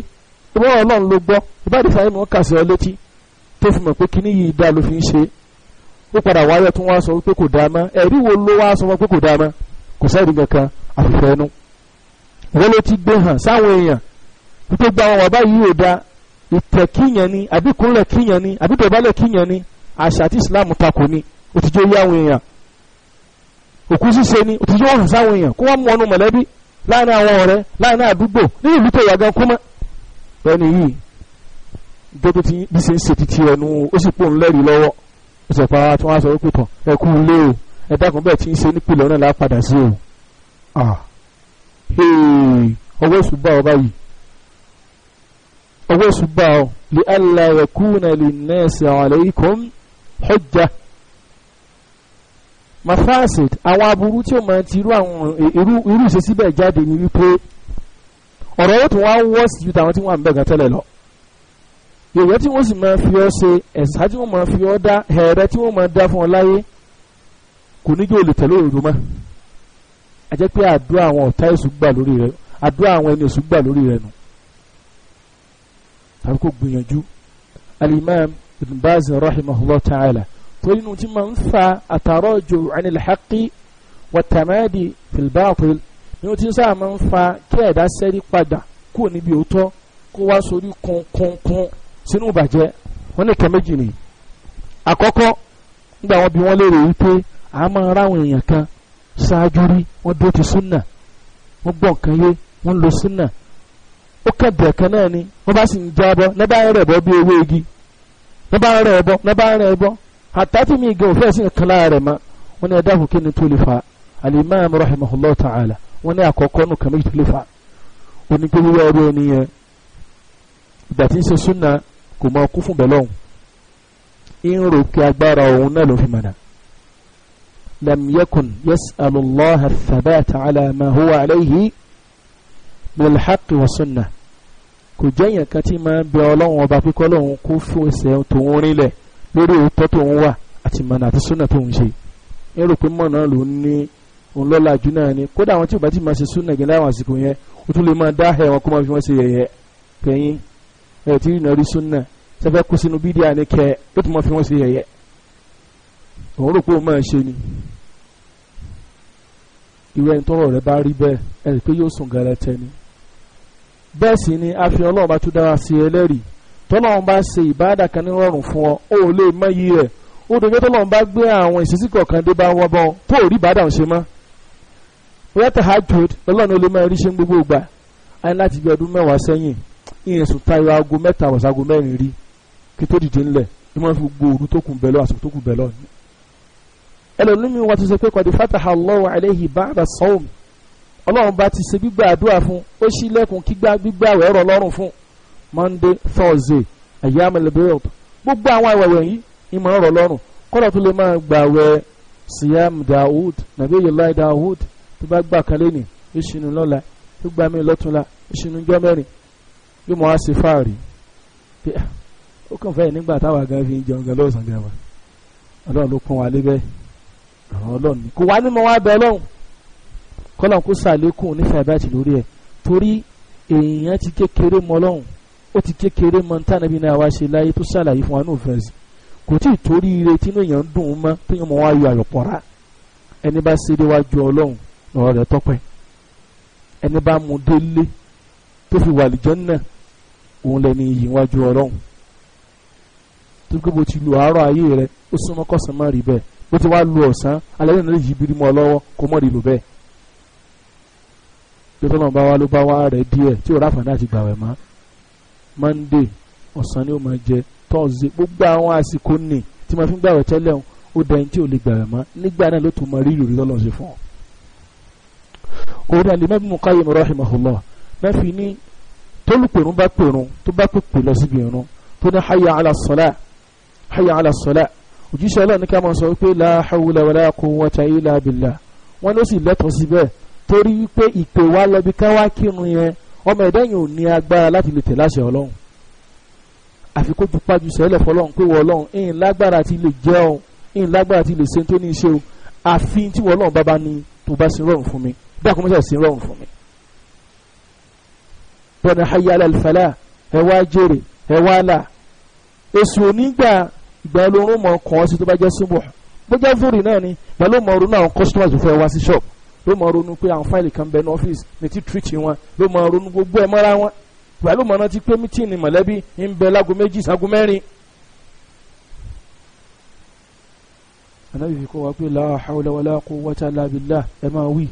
ìbọ̀rọ̀ ọlọ́run ló gbọ́ ìbáàdì fàyẹ̀mí wọn kà sí ọ létí tó fi mọ̀ pé kíní yìí dáa ló fi ń ṣe ó padà wá yá tó wá sọ pé kò dáa mọ́ ẹ̀rí wo ló wá sọ fún pé kò dáa mọ́ kò sẹ́ẹ̀rí kankan àfihàn ẹnu wọ́n ló ti gbé hàn sáwọn èèyàn wípé gba àwọn bàbá yìí ò da ìtẹ̀ kíyàn ni àbí kúnlẹ̀ kíyàn ni àbí dọ̀bálẹ̀ kíyàn ni àṣà tí ìsìláàmù takò ni ó ti jó yé àwọn èèyàn òkú ṣíṣe ni ó ti jó hàn sáwọn èèyàn kó wọ́n mú ọnu mọ̀lẹ́bí láàrin àwọn ọ̀rẹ́ láàrin àdúgbò ní ìlú tó yàgàn kúmọ́ ẹni yìí gbogbo ti bí ṣe ń ṣe titi ẹnu ó sì pò ń lẹ́rìí lọ́wọ́ ó pa ah, tí wọ́n á sọ wípé tán ẹ kú ilé o ẹ dákun bẹ́ẹ̀ ti ń ṣe nípìnlẹ̀ náà lápadà sí o. Ah ọwọ́ èṣù bá ọ báyìí ọwọ́ èṣù bá ọ li alla yakuna linnasi alaykum hujja mafasid àwọn aburú tí ó máa ti irú àwọn irú ìṣesí bẹ́ẹ̀ jáde ní wípé ọ̀rọ̀ ó tún wá ń wọ́ sí ju tàwọn tí wọ́n ń bẹ̀ gan tẹ́lẹ̀ lọ yòòyẹ́ tí wọ́n sì máa fi ọ́ ṣe ẹ̀sà tí wọ́n máa fi ọ́ dá ẹ̀rẹ́ tí wọ́n máa dá fún ọ láyé kò ní jẹ́ olùtẹ̀lé òdodo mọ́ a jẹ́ pé àdúrà àwọn ọ̀tá èṣù gbà lórí rẹ àdúrà àwọn ẹni èṣù gbà lórí rẹ nù tàbí kò gbìyànjú alimam ibn baz rahimahullah ta'ala torí nu ti máa ń fa àtàrọ̀ jù anil haqqi wa tamadi fil batil nínú tí sáà máa ń fa kí ẹ̀dá sẹ́rí padà kúrò níbi òótọ́ kó wá sórí kọ̀ọ̀kọ̀ọ̀kan sínú ìbàjẹ́ wọn ní kẹ́mẹ́jì ni àkọ́kọ́ nígbà wọn bí wọ́n léèrè wípé àá máa ráwọn èèyàn kan ṣáájú rí wọ́n dúró ti súnà wọ́n gbọ́ nǹkan yé wọ́n lo súnà ó kẹ̀dẹ̀ kan náà ni wọ́n bá sì ń jábọ́ lọ́ba rẹ̀ bọ́ bí ewé igi lọ́ba rẹ̀ bọ́ lọ́ba rẹ̀ bọ́ àtàtì mi gan òfin ẹ̀sìn kan lára rẹ̀ mọ́ wọ́n ní ẹ̀dá òkè ni tó lè fa alimami rahimahullah ta'ala wọ́n ní àkọ́kọ́ nù kàmí tó lè fa onígbéwúwá ẹ̀rọ oníyẹn ìgbà tí ń ṣe súnà kò mọ ọkú fún bẹ́lọ́hùn ń rò kí agbára òun náà ló fi mọ̀nà لم يكن يسأل الله الثبات على ما هو عليه من الحق والسنة kò jẹ́ yẹn kan tí máa ń bẹ ọlọ́run ọba pé kọ́lọ́run kó fún ẹsẹ̀ tòun rinlẹ̀ lórí òótọ́ tóun wà àti mọ̀nà àti súnà tóun ṣe ń rò pé mọ̀nà ló ní òun lọ́la jù náà ni kódà àwọn tí ò bá ti máa ṣe súnà gẹ́gẹ́ láwọn àsìkò yẹn ó tún lè máa dá ẹ̀ wọn kó máa fi wọ́n ṣe yẹ̀yẹ́ kẹ́yìn ẹ̀ tí ìrìnà rí súnà sẹ́fẹ́ kó sínú bídíà ni kẹ́ ó tún máa fi wọ́n ṣe yẹ̀yẹ́ òun rò pé òun máa ṣe ni irú ẹni tọ́rọ̀ rẹ̀ bá rí bẹ́ẹ̀ ẹni pé yóò sùn gẹrẹtẹ ni bẹ́ẹ̀ sì ni a fi ọlọ́run bá tún dára sí ẹlẹ́rìí tọ́lọ́run bá ṣe ìbáàdà kan ní rọrùn fún ọ ó lè mọ iye rẹ̀ ó dojú tọ́lọ́run bá gbé àwọn ìṣesí kọ̀ọ̀kan dé bá wọn bọ́ tó ò rí ìbáàdà ń ṣe mọ́ bóyá tahajud ọlọ́run olè máa rí ṣe gbogbo ìgbà ayé láti bí ọdún mẹ́wàá sẹ́yìn ìyẹn sùn tayọ aago mẹ́ta wọ̀ságo mẹ́rin rí kí tó dìde ńlẹ̀ ni fi gbogbo tó kù bẹ́ẹ̀ lọ àsìkò tó kù bẹ́ẹ̀ lọ ni ẹlòmíì wọn ti sọ pé kọ́dí fataha Allahu alayhi ba'da sawm ọlọ́run bá ti ṣe gbígbà àdúrà fún ó ṣí lẹ́kùn kígbà gbígbà ẹ̀rọ lọ́rùn fún monday thursday ayyamul bayd gbogbo àwọn àwẹ̀wẹ̀ yìí ìmọ̀ ọ̀rọ̀ lọ́rùn kọ́lọ̀ tó lè máa gbàwẹ̀ siyam daoud nabiyullahi daoud tó bá gbà kan lẹ́nì ìṣinú lọ́la tó gbà mí lọ́túnla ìṣinú jọ́ mẹ́rin bí mo á ṣe fáàrí ó kàn fẹ́ nígbà táwa gan fi ń jẹun gan lọ́sàn-án gan wa ọlọ́run ló pọ́n wa lébẹ́ẹ́ àwọn ọlọ́run ni kò wá ní mo wá bẹ ọlọ́run kọ́lọ́n kó sàlékún onífẹ́ àbáàtì lórí ẹ̀ torí èèyàn ti kékeré mọ ọlọ́run ó ti kékeré mọ ntànàbí náà wá ṣe láyé tó ṣàlàyé fún wa ní òfẹ́sì kò tí ì torí ire tí inú èèyàn ń dùn ún mọ́ tó yẹn mọ wá yọ àyọ̀pọ̀ra ẹni bá ṣe déwájú ọlọ́run lọ́rọ̀ rẹ̀ tọ́pẹ́ ẹni bá mú délé tó fi wà lìjọ́nà òun lẹni iyì wájú ọlọ́run tó gbé bó ti lu àárọ̀ ayé rẹ̀ ó súnmọ́ kọ́sán rí bẹ́ẹ̀ ó ti wá lu ọ̀sán alẹ́ náà yí biri mọ́ ọ lọ́wọ́ kó mọ́ ìlú bẹ́ẹ̀ bí tọ́lọ́ bá wá ló bá wá rẹ̀ díẹ̀ tí òrà àfààní àti gbàwẹ̀ mọ́ Monday ọ̀sán ni ó máa jẹ Thursday gbogbo àwọn àsìkò nì tí mo fi ń gbàwẹ̀ tẹ́lẹ̀ ń ó dẹni tí ò lè gbàwẹ̀ mọ́ nígbà náà ló tún mọ rírì rí lọ́lọ́ sí fún ọ. òun àlè mẹ́bí òjíṣẹ́ ọlọ́run ká máa sọ pé la hawla wala quwwata illa billah wọ́n ló sì lẹ́tọ̀ọ́ síbẹ̀ torí pé ìpè wa lọ́bi ká wá kírun yẹn ọmọ ẹ̀dá yìí ò ní agbára láti lè tẹ̀lé ọlọ́run àfi kó jupa sẹ́lẹ̀ fọlọ́run pé wọ́ọ́lọ́run ẹ̀yìn lágbára ti lè jẹ́ ọ lágbára ti lè ṣe tó ní iṣẹ́ o àfi tí wọ́ọ́lọ́run bá bá ní tó bá sin rọrùn fún mi bí àkọ́mọ́sà sin rọrùn fún mi. bọ́dà hayya alal fala ẹ̀ wá jèrè ẹ̀ wá là èsù onígbà ìgbà olóró mọ̀ kàn ọ́ sí tó bá jẹ́ símbọ̀ bó jẹ́ fúri náà ni ìgbà ló mọ̀ ronú àwọn customers fẹ́ wá sí shop ló mọ̀ ronú pé àwọn fáìlì kan bẹ ní ọ́fíìsì ní ti treat wọn ló mọ̀ ronú gbogbo ẹ̀ mọ́ra wọn ìgbà ló mọ̀ náà ti pé mítìnì mọ̀lẹ́bí ń bẹ lágo méjì ságo mẹ́rin. ànábì fi kọ́ wa pé la hawla wala quwwata la billah ẹ máa wí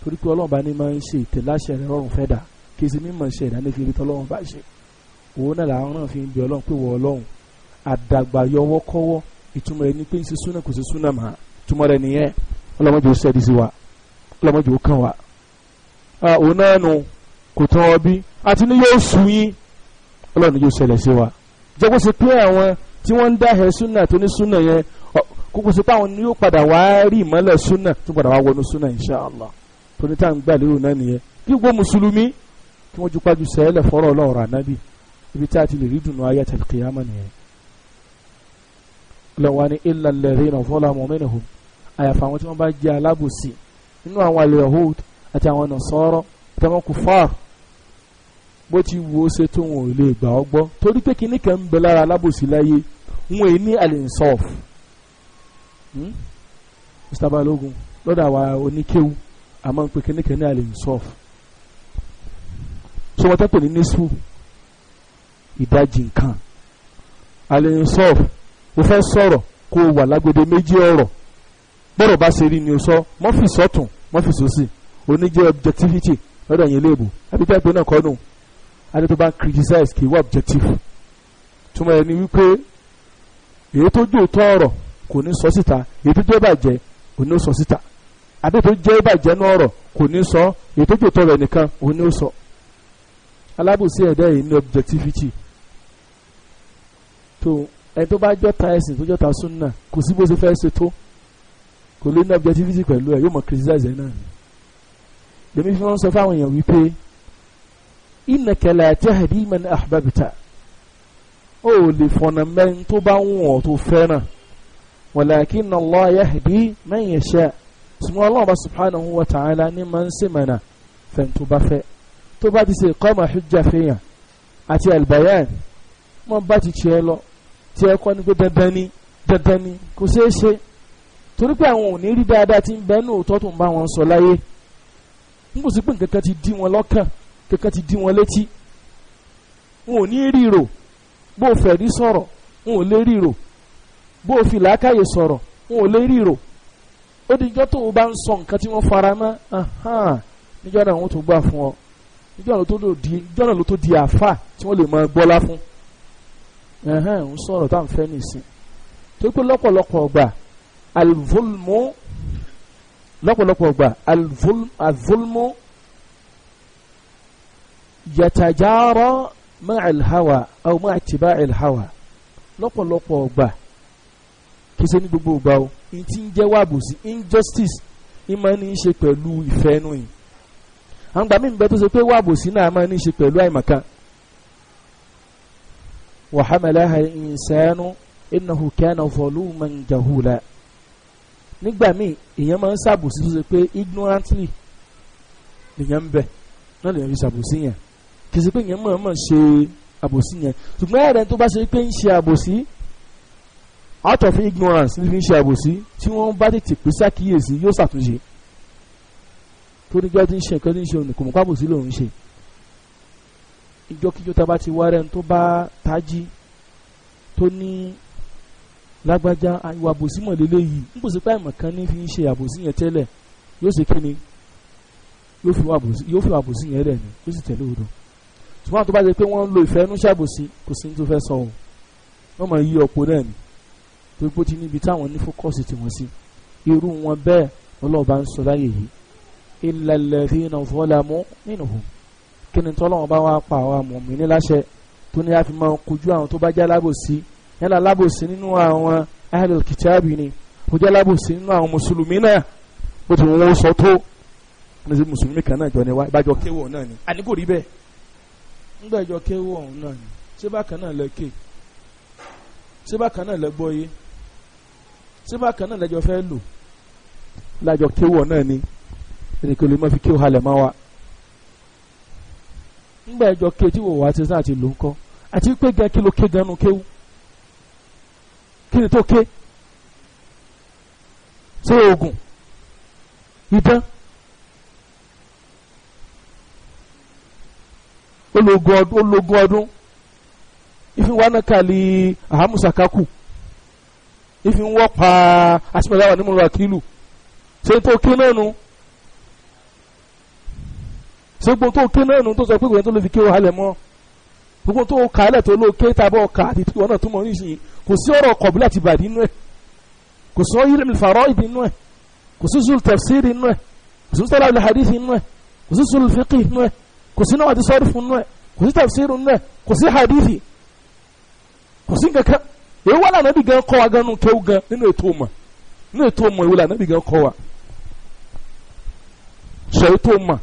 torí pé ọlọ́run bá ní máa ń ṣe ìtẹ̀láṣẹ rẹ̀ rọrùn fẹ́ dà kí esi mímọ̀ ṣe ìdánífi rí tọ́lọ́run bá ṣe òun náà làwọn náà fi ń bí ọlọ́run pé wọ ọlọ́run àdàgbà yọwọ́kọ́wọ́ ìtumọ̀ rẹ̀ ni pé ń ṣe súnà kò ṣe súnà mà ìtumọ̀ rẹ̀ nìyẹn ọlọ́mọdé ó sẹ́ẹ̀dì sí wa ọlọ́mọdé ó kàn wá. òun náà nù kò tán ọ bí àti ní yóò sùn yín ọlọ́run yóò ṣẹlẹ̀ sí wa jẹ́ kó ṣe pé àwọn tí wọ́n ń dá ẹ̀ súnà tó ní súnà yẹn kókó sí pé àwọn ni yóò padà wá rí ìmọ́lẹ̀ súnà tó padà wá wọnú súnà inṣàlá tóní tá à gbà lérò náà nìyẹn kí gbogbo mùsùlùmí kí wọ́n ju pàjù sẹ́ẹ̀lẹ̀ fọ́rọ̀ ọlọ́run ànábì ibi tá a ti lè rí dùnú ayé àtàlùkìyàmọ̀ nìyẹn lọ́wọ́ ni illa alladhina zalamu minhum àyàfà àwọn tí wọ́n bá jẹ́ alábòsí nínú àwọn al-Yahud àti àwọn Nasara àti àwọn kufar bó ti wo ṣe tó wọn ò lè gbà ọ́ gbọ́ torí pé kinní kan ń bẹ lára alábòsí láyé wọn èyí ní al hmm? Mr Balogun lọ́dọ̀ àwa oníkéwu àmọ́ ń pe kinní kan ní al-insaf wọ́n tẹ́ pè nísù ìdajì nǹkan al o fẹ́ sọ̀rọ̀ kó o wà lágbede méjì ọ̀rọ̀ bọ́rọ̀ bá ṣe rí ni o sọ mọ́fì sọ́tún mọ́fì sósì oníjẹ́ objectivity lọ́dọ̀ yẹn léèbù ẹbí jáde náà kọ́ nù adé tó bá ń criticize kì í wá objective túmọ̀ ẹni wípé èyí tó jò tọ́ ọ̀rọ̀ kò ní sọ síta èyí tó jẹ́ bàjẹ́ kò ní sọ síta àbí tó jẹ́ bàjẹ́ náà ọ̀rọ̀ kò ní sọ èyí tó jò tọ́ rẹ̀ nìkan kò ní sọ alábòsí ẹ̀dá yìí ní objectivity tó ẹni tó bá jọta ẹsìn tó jọta súnà kò sí bó ṣe fẹ́ ṣe tó kò lè ní objectivity pẹ̀lú ẹ yóò mọ criticize ẹ náà ni lèmi fi wọn sọ fáwọn èèyàn wípé innaka la tahdi man ahbabta ó lè fọ̀nà mẹ́rin tó bá wù ọ́ tó fẹ́ràn walakinna Allah yahdi man yasha ṣùgbọ́n Allah bá subhanahu wa ta'ala ní máa ń ṣe mọ̀nà fẹ́ni tó bá fẹ́ tó bá ti ṣe iqama hujja fẹ́yàn àti albayan mọ́ bá ti tiẹ̀ lọ tí ẹ kọ́ ni pé dandan ni dandan ni kò ṣeé ṣe torí pé àwọn ò ní rí dáadáa tí ń bẹ ní òótọ́ tó ń bá wọn sọ láyé n kò sí pé nǹkan kan ti dí wọn lọ́kàn kankan ti dí wọn létí wọn ò ní ríro bó o fẹ̀rí sọ̀rọ̀ wọn ò lè ríro bó o fi làákàyè sọ̀rọ̀ wọn ò lè ríro ó di ìjọ́ tó o bá ń sọ nǹkan tí wọ́n fara mọ́ níjọ́ náà wọ́n tó gbà fún ọ níjọ́ náà ló tó di àáfà tí wọ́n lè máa gbọ́lá fún ẹ̀hẹ́n ń sọ̀rọ̀ tá à ń fẹ́ nìsín tó pé lọ́pọ̀lọpọ̀ ọgbà alvulmu lọ́pọ̀lọpọ̀ ọgbà alvulmu yàtàjárọ̀ ma'a alhawa aw ma'a ittiba'i alhawa lọ́pọ̀lọpọ̀ ọgbà kì í ṣe ní gbogbo ọgbà o n ti ń jẹ́ wàbò sí injustice ń máa ní í ṣe pẹ̀lú ìfẹ́ nù yìí àwọn gbàmí ń tó ṣe pé wàbò náà máa ní í ṣe pẹ̀lú àìmọ̀kan وحملها الإنسان إنه كان ظلوما جهولا nígbà míì èèyàn máa ń ṣàbòsí tó ṣe pé ignorantly lèèyàn ń bẹ náà lèèyàn fi ṣàbòsí yẹn kì í ṣe pé èèyàn máa máa ṣe àbòsí yẹn ṣùgbọ́n ẹ̀rẹ́ tó bá ṣe pé ń ṣe àbòsí out of ignorance ní fi ń ṣe àbòsí tí wọ́n bá tètè pè ṣàkíyèsí yóò ṣàtúnṣe tó nígbà tí ń ṣe nǹkan tí ń ṣe ònìkùnmọ́ pàbòsí lòun ṣe ìjọkíjọ tá a bá ti wá rẹ̀ tó bá tají tó ní lágbájá ìwà àbòsí mọ̀lélẹ́ yìí ń bòsí pé àìmọ̀ kan ní fi ń ṣe àbòsí yẹn tẹ́lẹ̀ yóò ṣe kí ni yóò fi àbòsí yẹn rẹ̀ ni yóò sì tẹ̀lé odò ṣùgbọ́n àti tó bá ṣe pé wọ́n ń lo ìfẹ́ inú kò sí ní tó fẹ́ sọ o wọ́n mọ̀ yí ọ̀pọ̀ náà ni torí pé ó ti níbi táwọn ní fókọ́sì tiwọn sí irú wọn bẹ́ẹ̀ ọlọ́ọ̀bá ń sọ láyè yìí illal ladhina zalamu minhum kí ni tọ́lọ́wọ́n bá wá pa àwọn mùmínì láṣẹ tó ní àfi máa kojú àwọn tó bá jẹ́ alábòsí yálà alábòsí nínú àwọn ahlul kìtàbì ni ó jẹ́ alábòsí nínú àwọn mùsùlùmí náà bó ti wọ́n sọ tó ní sí mùsùlùmí kan náà jọ ni wá ìbájọ kéwò náà ni àní kò rí bẹ́ẹ̀ ńgbà ìjọ kéwò ọ̀hún náà ni ṣé bákan náà lẹ ké ṣé bákan náà lẹ gbọ́ yé ṣé bákan náà lẹjọ fẹ́ lò lájọ ńgbà ẹjọ ké tí wò wá ti sáà ti lò ń kọ́ àti pé gan kí ló ké ganu kéwu kí ni tó ké ṣé oògùn idán ológun ọdún ológun ọdún ìfìwánakàlì ahamusakaku ìfìwọ́pa asimọ̀láwà nímúlò akílù ṣé tó ké náà nu ṣé gbogbo tó ké náà nù tó sọ pé kò yẹn tó lè fi ké o halẹ̀ mọ́ gbogbo tó kà á lẹ̀ tó ló ké tábọ̀ kà àti tí wọn náà tó mọ̀ nísìnyí kò sí ọ̀rọ̀ kọ̀bílà ti bàdí inú ẹ̀ kò sí ọ̀yẹ́rẹ́ fàrọ̀ ìdí inú ẹ̀ kò sí zul tafsir inú ẹ̀ kò sí sọ́lá ilẹ̀ hadith inú ẹ̀ kò sí zul fiqi inú ẹ̀ kò sí náwàdí sọ́rífù inú ẹ̀ kò sí tafsir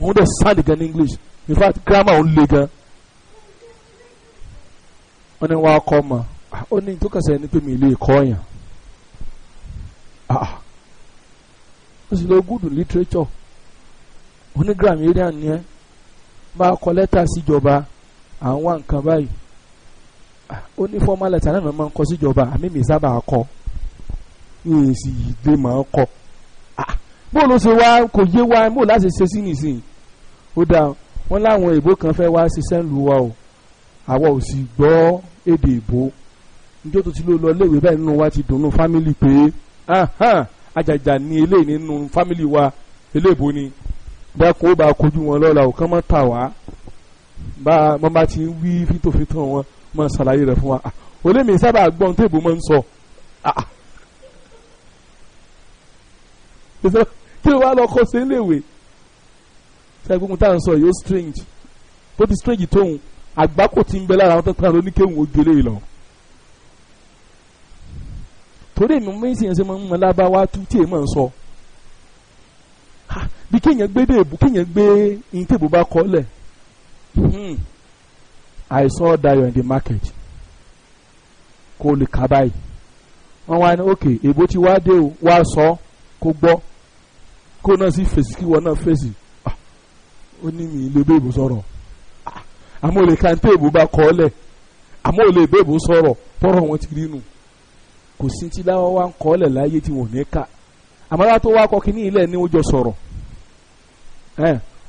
òun dẹ̀ sáàdì gan ní english in fact grammar òun le gan wọ́n ní wọ́n á kọ́ ọmọ ah, ó ní tó kẹsẹ̀ ní pé mi lè kọ́ yàn ah, ah. ó sì lọ gúdù literature òní grammarian ni ẹ máa kọ lẹ́tà síjọba àwọn nǹkan báyìí ó ní formal letter náà máa ń kọ síjọba àmì mi sábà kọ yóò sì dé máa ń kọ bóòlù ṣe wá kò yé wa bóòlù láti ṣe sí nìsín ó dáa wọn láwọn èèbó kan fẹ́ wá ṣiṣẹ́ ńlu wa o àwa ò sì gbọ́ èdè èèbó níjó tó ti ló lọ léèwé báyìí nínú wa ti dùnnú fámìlì pé àjàjà ni eléyìí nínú fámìlì wa eléèbó ni dákun ó bá kojú wọn lọ́la ò kán mọ́ tà wá bá wọn bá ti ń wí fítòfítò wọn mọ́ ṣàlàyé rẹ̀ fún wa ah, olèmí sábà gbọ́n tó èèbó máa ń sọ. Ah, ah. Still, ló wá lọ kọ́ sí iléèwé ṣe gbogbo tá à ń sọ yìí strange bó ti strange tóun àgbákò ti ń bẹ lára àwọn tó kàn lóníkéwùn ògèlè yìí lọ. torí èmi mú ìsìn ẹsẹ̀ máa ń mọ lábáwá tú tí èèmọ̀ ń sọ bí kéèyàn gbé déèbù kéèyàn gbé ní tèbù bá kọ́ lẹ̀ hmm. I saw Dayo in the market kó lè kà báyìí wọ́n wá ní òkè èbó ti wá dé o wá sọ kó gbọ́ kó náà sì fèsì kí wọn náà fèsì ah, ó ní mi lè bẹ́ẹ̀ bó sọ̀rọ̀ ah, àmọ́ ò lè ka téèbù bá kọ́ lẹ̀ àmọ́ ò lè bẹ́ẹ̀ bó sọ̀rọ̀ tọ́rọ̀ wọn ti rí nù kò sí ti láwọn wá ń kọ́ lẹ̀ láyé tí wọn ò ní ka àmọ́ látó wá kọ́ kínní ilẹ̀ ni ó jọ sọ̀rọ̀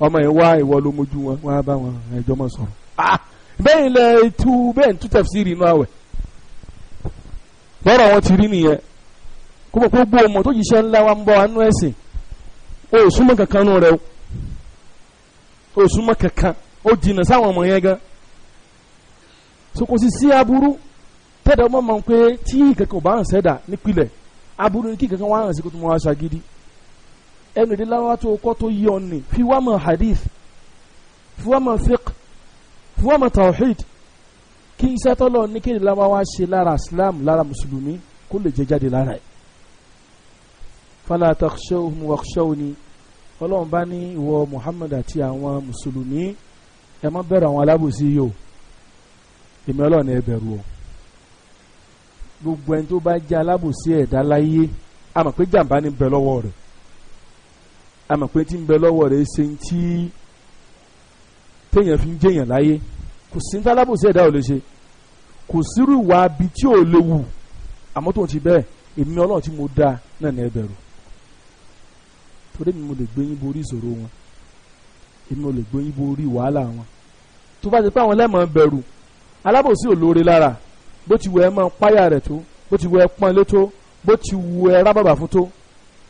ọmọ yẹn wá ìwọ ló mójú wọn wọn á bá wọn ẹjọ́ mọ̀ sọ̀rọ̀ ah, bẹ́ẹ̀ ilẹ̀ tú bẹ́ẹ̀ ń tú tafsiri inú àwẹ̀ tọ́rọ̀ wọn ti rí nìyẹn kó gbogbo ọmọ tó yìí ṣe ńlá wa ń bọ̀ anú ẹ̀sìn o ò súnmọ́ kankan nù rẹ o o ò súnmọ́ kankan o jìnnà sáwọn ọmọ yẹn gan so kò sì sí aburú tẹ́tẹ́ ọmọ máa ń pé tí kankan ò bá hàn sẹ́dà nípìnlẹ̀ aburú ni kí kankan wá hàn sí kó tó mọ aṣọ agídí ẹnu ìdí lára tó kọ́ tó yí ọ nì fi wá mọ̀ hadith fi wá mọ̀ fiqh fi wá mọ̀ tawhid kí iṣẹ́ tọ́lọ̀ ní kí ìdí lára wá ṣe lára islam lára mùsùlùmí kó lè jẹ jáde lára ẹ̀ fala takhshawhum ọlọ́run bá ní ìwọ Muhammad àti àwọn mùsùlùmí ẹ má bẹ̀rù àwọn alábòsí yìí o èmi ọlọ́run ẹ bẹ̀rù o gbogbo ẹni tó bá jẹ́ alábòsí ẹ̀dá láyé a mọ̀ pé jàǹbá ní bẹ lọ́wọ́ rẹ̀ a mọ̀ pé tí ń bẹ lọ́wọ́ rẹ̀ ṣe ń tí téèyàn fi ń jẹ́yàn láyé kò sí ní alábòsí ẹ̀dá ò lè ṣe kò sírú ìwà abi tí ò léwu àmọ́ tó ti bẹ́ẹ̀ èmi ọlọ́run tí mo dáa náà ní ẹ bẹ̀rù torí mi mo lè gbé yín borí ìṣòro wọn èmi mo lè gbé yín borí wàhálà wọn tó bá ti pé àwọn lẹ́mọ̀ bẹ̀rù alábòsí olóore lára bó ti wù ẹ́ máa páyà rẹ̀ tó bó ti wù ẹ́ pọ́n lé tó bó ti wù ẹ́ rábàbà fún tó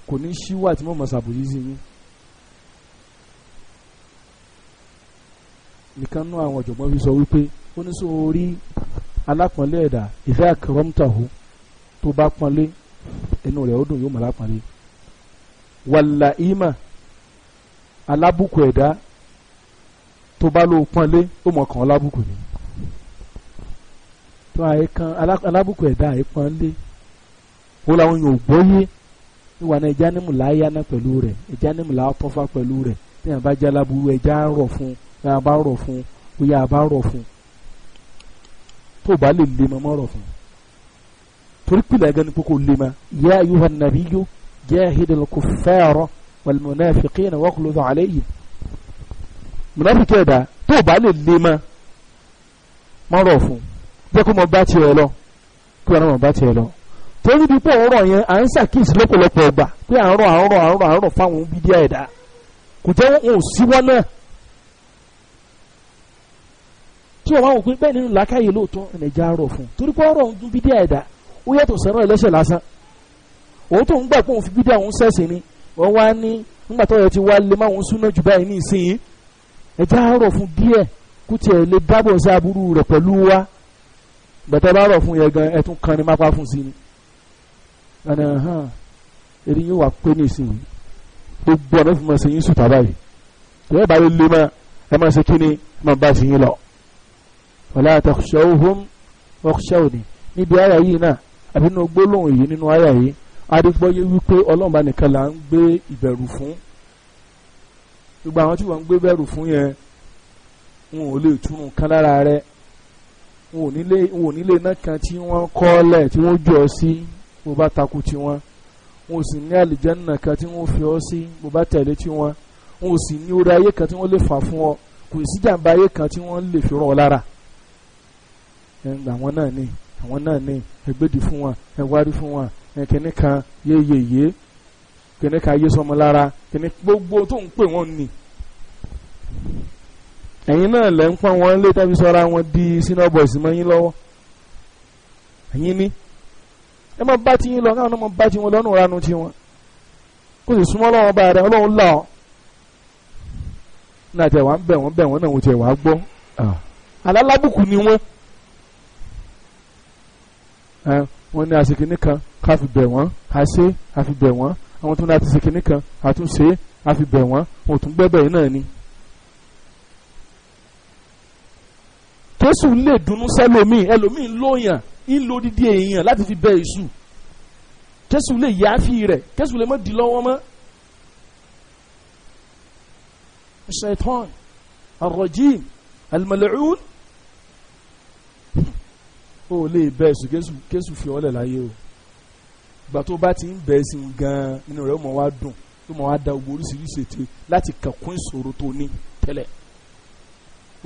kò ní ṣíwà tí mo mọ̀ ṣàbòyí sí yín. nìkan nú àwọn ọ̀jọ̀gbọ́n fi sọ wípé ó ní sọ orí alápọ̀nlé ẹ̀dá ìfẹ́ àkàrọ̀mùtàhó tó bá pọ́nlé ẹnu rẹ̀ ó dùn yóò mọ̀ lápọ̀nlé wàlàímà alábùkù ẹ̀dá tó bá ló pọ́nlé ó mọ̀ kàn alábùkù ni tó àìkan alábùkù ẹ̀dá àìpọ́nlé ó làwọn yòó gbóyé níwà náà ẹja nímú láyáná pẹ̀lú rẹ̀ ẹja nímú látọ́fà pẹ̀lú rẹ̀ ní àbá jalaburú ẹja rọ̀ fún ní àbá rọ̀ fún bóyá àbá rọ̀ fún tó bá lè lè mọ́ rọ̀ fún torí pìlẹ̀ gan kókó lè ma yá ayúhàn nàbí yó جاهد الكفار والمنافقين واغلظ عليهم من أبي tó bá lè lè ما mọ́ rọ̀ fún jẹ́ kó mọ bá tiẹ̀ lọ kí wọn náà mọ bá tiẹ̀ lọ torí bí pé ọ̀rọ̀ yẹn à ń ṣàkíyèsí lọ́pọ̀lọpọ̀ ọgbà pé à ń rọ̀ à ń rọ̀ à ń rọ̀ à ń rọ̀ fáwọn bídí ẹ̀dá kò jẹ́ wọn ò sí wọn náà tí wọn àwọn òpin bẹ́ẹ̀ nínú làákàyè lóòótọ́ ẹ̀nẹ̀já rọ̀ fún torí pé ọ̀rọ̀ ń dún bídí ẹ̀dá ó yàtọ̀ sẹ́rọ̀ ẹlẹ́ṣẹ̀ lásán òun tó ń gbà pé òun fi bídíà òun sẹ̀sìn ni wọ́n wá ní nígbà tó yẹ ti wá lé máwọn súná jù báyìí ní ìsìn ẹ̀já àárọ̀ fún díẹ̀ kó tiẹ̀ lè dábọ̀ sí aburú rẹ̀ pẹ̀lú wa bàtà bá rọ̀ fún yẹn gan ẹ̀ tún kan ní mápá fún sí ni ẹnì hàn èdè yóò wà pé ní ìsìn gbogbo ọ̀nà fún ẹsẹ̀ yín sùtà báyìí tó yẹ báyìí lé máa ẹ máa ṣe kí ni ẹ máa bá ti yín lọ. wala takhshawhum wakhshawni níbi àyà yìí náà àbí gbólóhùn yìí nínú àyà yìí adigbọ́yé wípé ọlọ́mọba nìkan là ń gbé ìbẹ̀rù fún gbogbo àwọn tí wọ́n ń gbé bẹ̀rù fún yẹn wọn ò lè túnú kan lára rẹ̀ wọn ò nílé iná kan tí wọ́n kọ́ lẹ̀ tí wọ́n jọ sí bó bá takú tiwọn wọn ò sì ní àlìjẹ́nà kan tí wọ́n fi ọ́ sí bó bá tẹ̀lé tiwọn wọn ò sì ní orí ayé kan tí wọ́n lè fà fún ọ kò sí jàǹbá ayé kan tí wọ́n lè fi rán ọ lára àwọn náà ni àwọn náà ni ẹgbẹ́dì fún wọn ẹwárí fún wọn kìnní kan yéyeye kìnní kan yé sọmọ lára kìnní gbogbo tó ń pè wọ́n ni ẹ̀yin náà lẹ́ ń pọ́n wọn lé tàbí sọ́ra wọn di senior boys mọ́ yín lọ́wọ́ ẹ̀yin ní ẹ má bá ti yín lọ káwọn náà má bá ti wọn lọ́nà ìranu ti wọn kó sì súnmọ́ lọ́wọ́ bá rẹ ọlọ́run là ọ́ náà tẹ̀ wá ń bẹ̀ wọ́n bẹ̀ wọ́n náà wọ́n tẹ̀ wá gbọ́ alálábùkù ni wọ́n wọ́n ní àsìkò nìkan ká fi bẹ̀ wọ́n a ṣe a fi bẹ̀ wọ́n àwọn tó ń láti ṣe kinní kan a tún ṣe a fi bẹ̀ wọ́n wọn ò tún gbẹ́bẹ̀ yìí náà ni. Jésù lè dunnú sẹ́lòmíì ẹlòmíì lóyàn ń lo dídí èèyàn láti fi bẹ èṣù Jésù lè yááfì rẹ̀ Jésù lè mọ́ di lọ́wọ́ mọ́. Ṣaitan arrojim almal'un ó lè bẹ èṣù Jésù fi ọ́lẹ̀ láyé o ìgbà tó bá ti ń bẹ̀ sí i gan-an nínú rẹ̀ mọ̀ wá dùn tó mọ̀ wá da gbogbo oríṣiríṣi ète láti kàkún ìṣòro tó ní tẹ́lẹ̀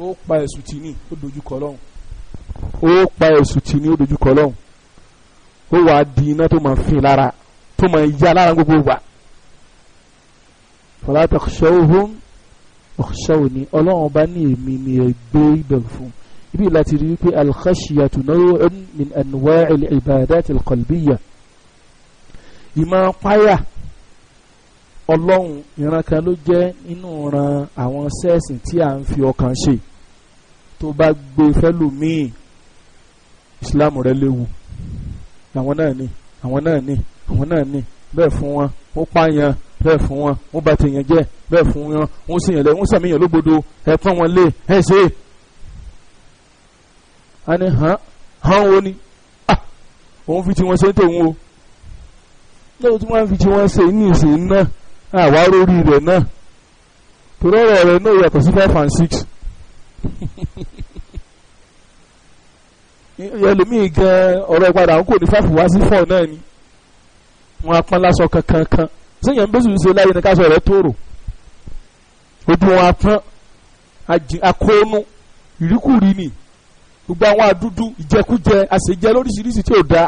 ó pa ẹ̀sùn tì ní ó dojúkọ lọ́hùn ó pa ẹ̀sùn tì ní ó dojúkọ lọ́hùn ó wàá di iná tó máa fin lára tó máa yá lára gbogbo wa fala takhshawhum wakhshawni ọlọ́run ọba ní èmi ni ẹ gbé ibẹ̀ fún ibi láti rí i pé al-khashiyatu naw'un min anwa'i al-ibadati al ìmọ̀ páyà ọlọ́run ìran kan ló jẹ́ nínú ran àwọn sẹ́ẹ̀sì tí à ń fi ọkàn ṣe tó bá gbé fẹ́lòmíì islam rẹ léwu àwọn náà ni àwọn náà ni àwọn náà ni bẹ́ẹ̀ fún wọn ó pààyàn bẹ́ẹ̀ fún wọn ó bà tèèyàn jẹ́ bẹ́ẹ̀ fún wọn ó sì yàn lẹ́ ó sàmìyàn lógbòdo ẹ pọ́n wọn lé ẹ ṣe é. a ní hàn hàn wo ni ah òun fi tiwọn ṣe ń tòun o lọ́wọ́ tí wọ́n fi tí wọ́n ṣe ní ìṣe náà àwa rórí rẹ̀ náà torí ọ̀rọ̀ rẹ̀ náà yàtọ̀ sí five and six ẹlòmíì gan ọ̀rọ̀ padà ń kò ní five wá sí four náà ni wọn apọ́n lásán kankan kan sẹ́yìn ń bẹ́sùn ṣe láyé ní ká sọ rẹ̀ tóòrò ojú wọn apọ́n akóónú ìríkùrí ni gbogbo àwọn adúdú ìjẹkújẹ àṣejẹ lóríṣiríṣi tí ò dáa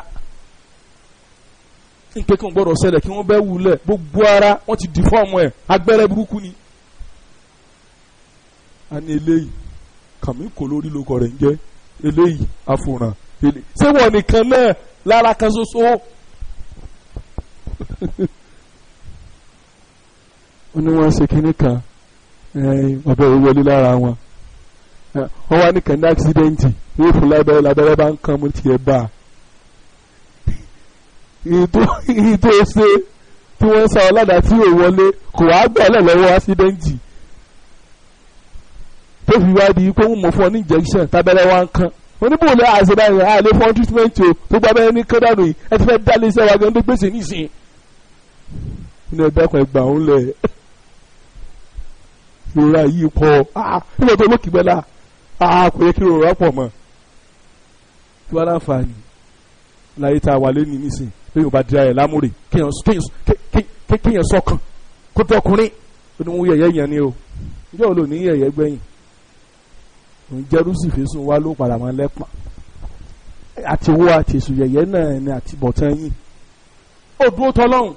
nǹkan kan gbọ́dọ̀ ṣẹlẹ̀ kí wọ́n bẹ́ wulẹ̀ gbogbo ara wọ́n ti dì fọ́ọ̀mù ẹ̀ agbẹ́rẹ́ burúkú ni. a ní eléyìí kàmí kò lórí lóko rẹ̀ ń jẹ́ eléyìí àfòràn eléyìí ṣé wọ́n nìkan náà lára kan ṣoṣo. wọ́n ní wọ́n ṣe kínní kan ọ̀bẹ ìwọlé lára wọn wọ́n wá ní ní àkísídẹ́ǹtì wọ́n fún lábẹ́rẹ́ lábẹ́rẹ́ bá ń kàn mú tiẹ̀ bá a ìdó ṣe tí wọ́n sá ọlọ́dà tí ò wọlé kò wá gbà ọ́lẹ̀ lọ́wọ́ ásídẹ́ǹtì tó fi wá di pé wọ́n fún ọ ní injection tábẹ́lẹ́ wá ń kan oníbòòlù àṣẹbá yẹn a lè fọ́n treatment o tó gba abẹ́rẹ́ ní kẹ́dàánù yìí ẹ ti fẹ́ dá léṣẹ́ wa gan-an tó gbèsè nísìnyí. inú ẹ̀dá kan ẹgbà ń lẹ̀ ìrora yìí pọ̀ nígbà tó lókì gbẹ́lá kò yẹ kí ìrora pọ̀ mọ́. tí wọ́n láyé tá a wà lé ní nísìnyí bí yorùbá dira yẹn lámúre kéèyàn sọkàn kó tó ọkùnrin oníwọ̀n yẹ̀yẹ́ yẹn ni o ǹjẹ́ ò lò ní yẹ̀yẹ́ gbẹ̀yìn ǹjẹ́rúsì fèsùn wa ló padà máa lẹ́pà àti wo àti èsù yẹ̀yẹ́ náà ni àti bọ̀tán yìí odò tọ́lọ́hún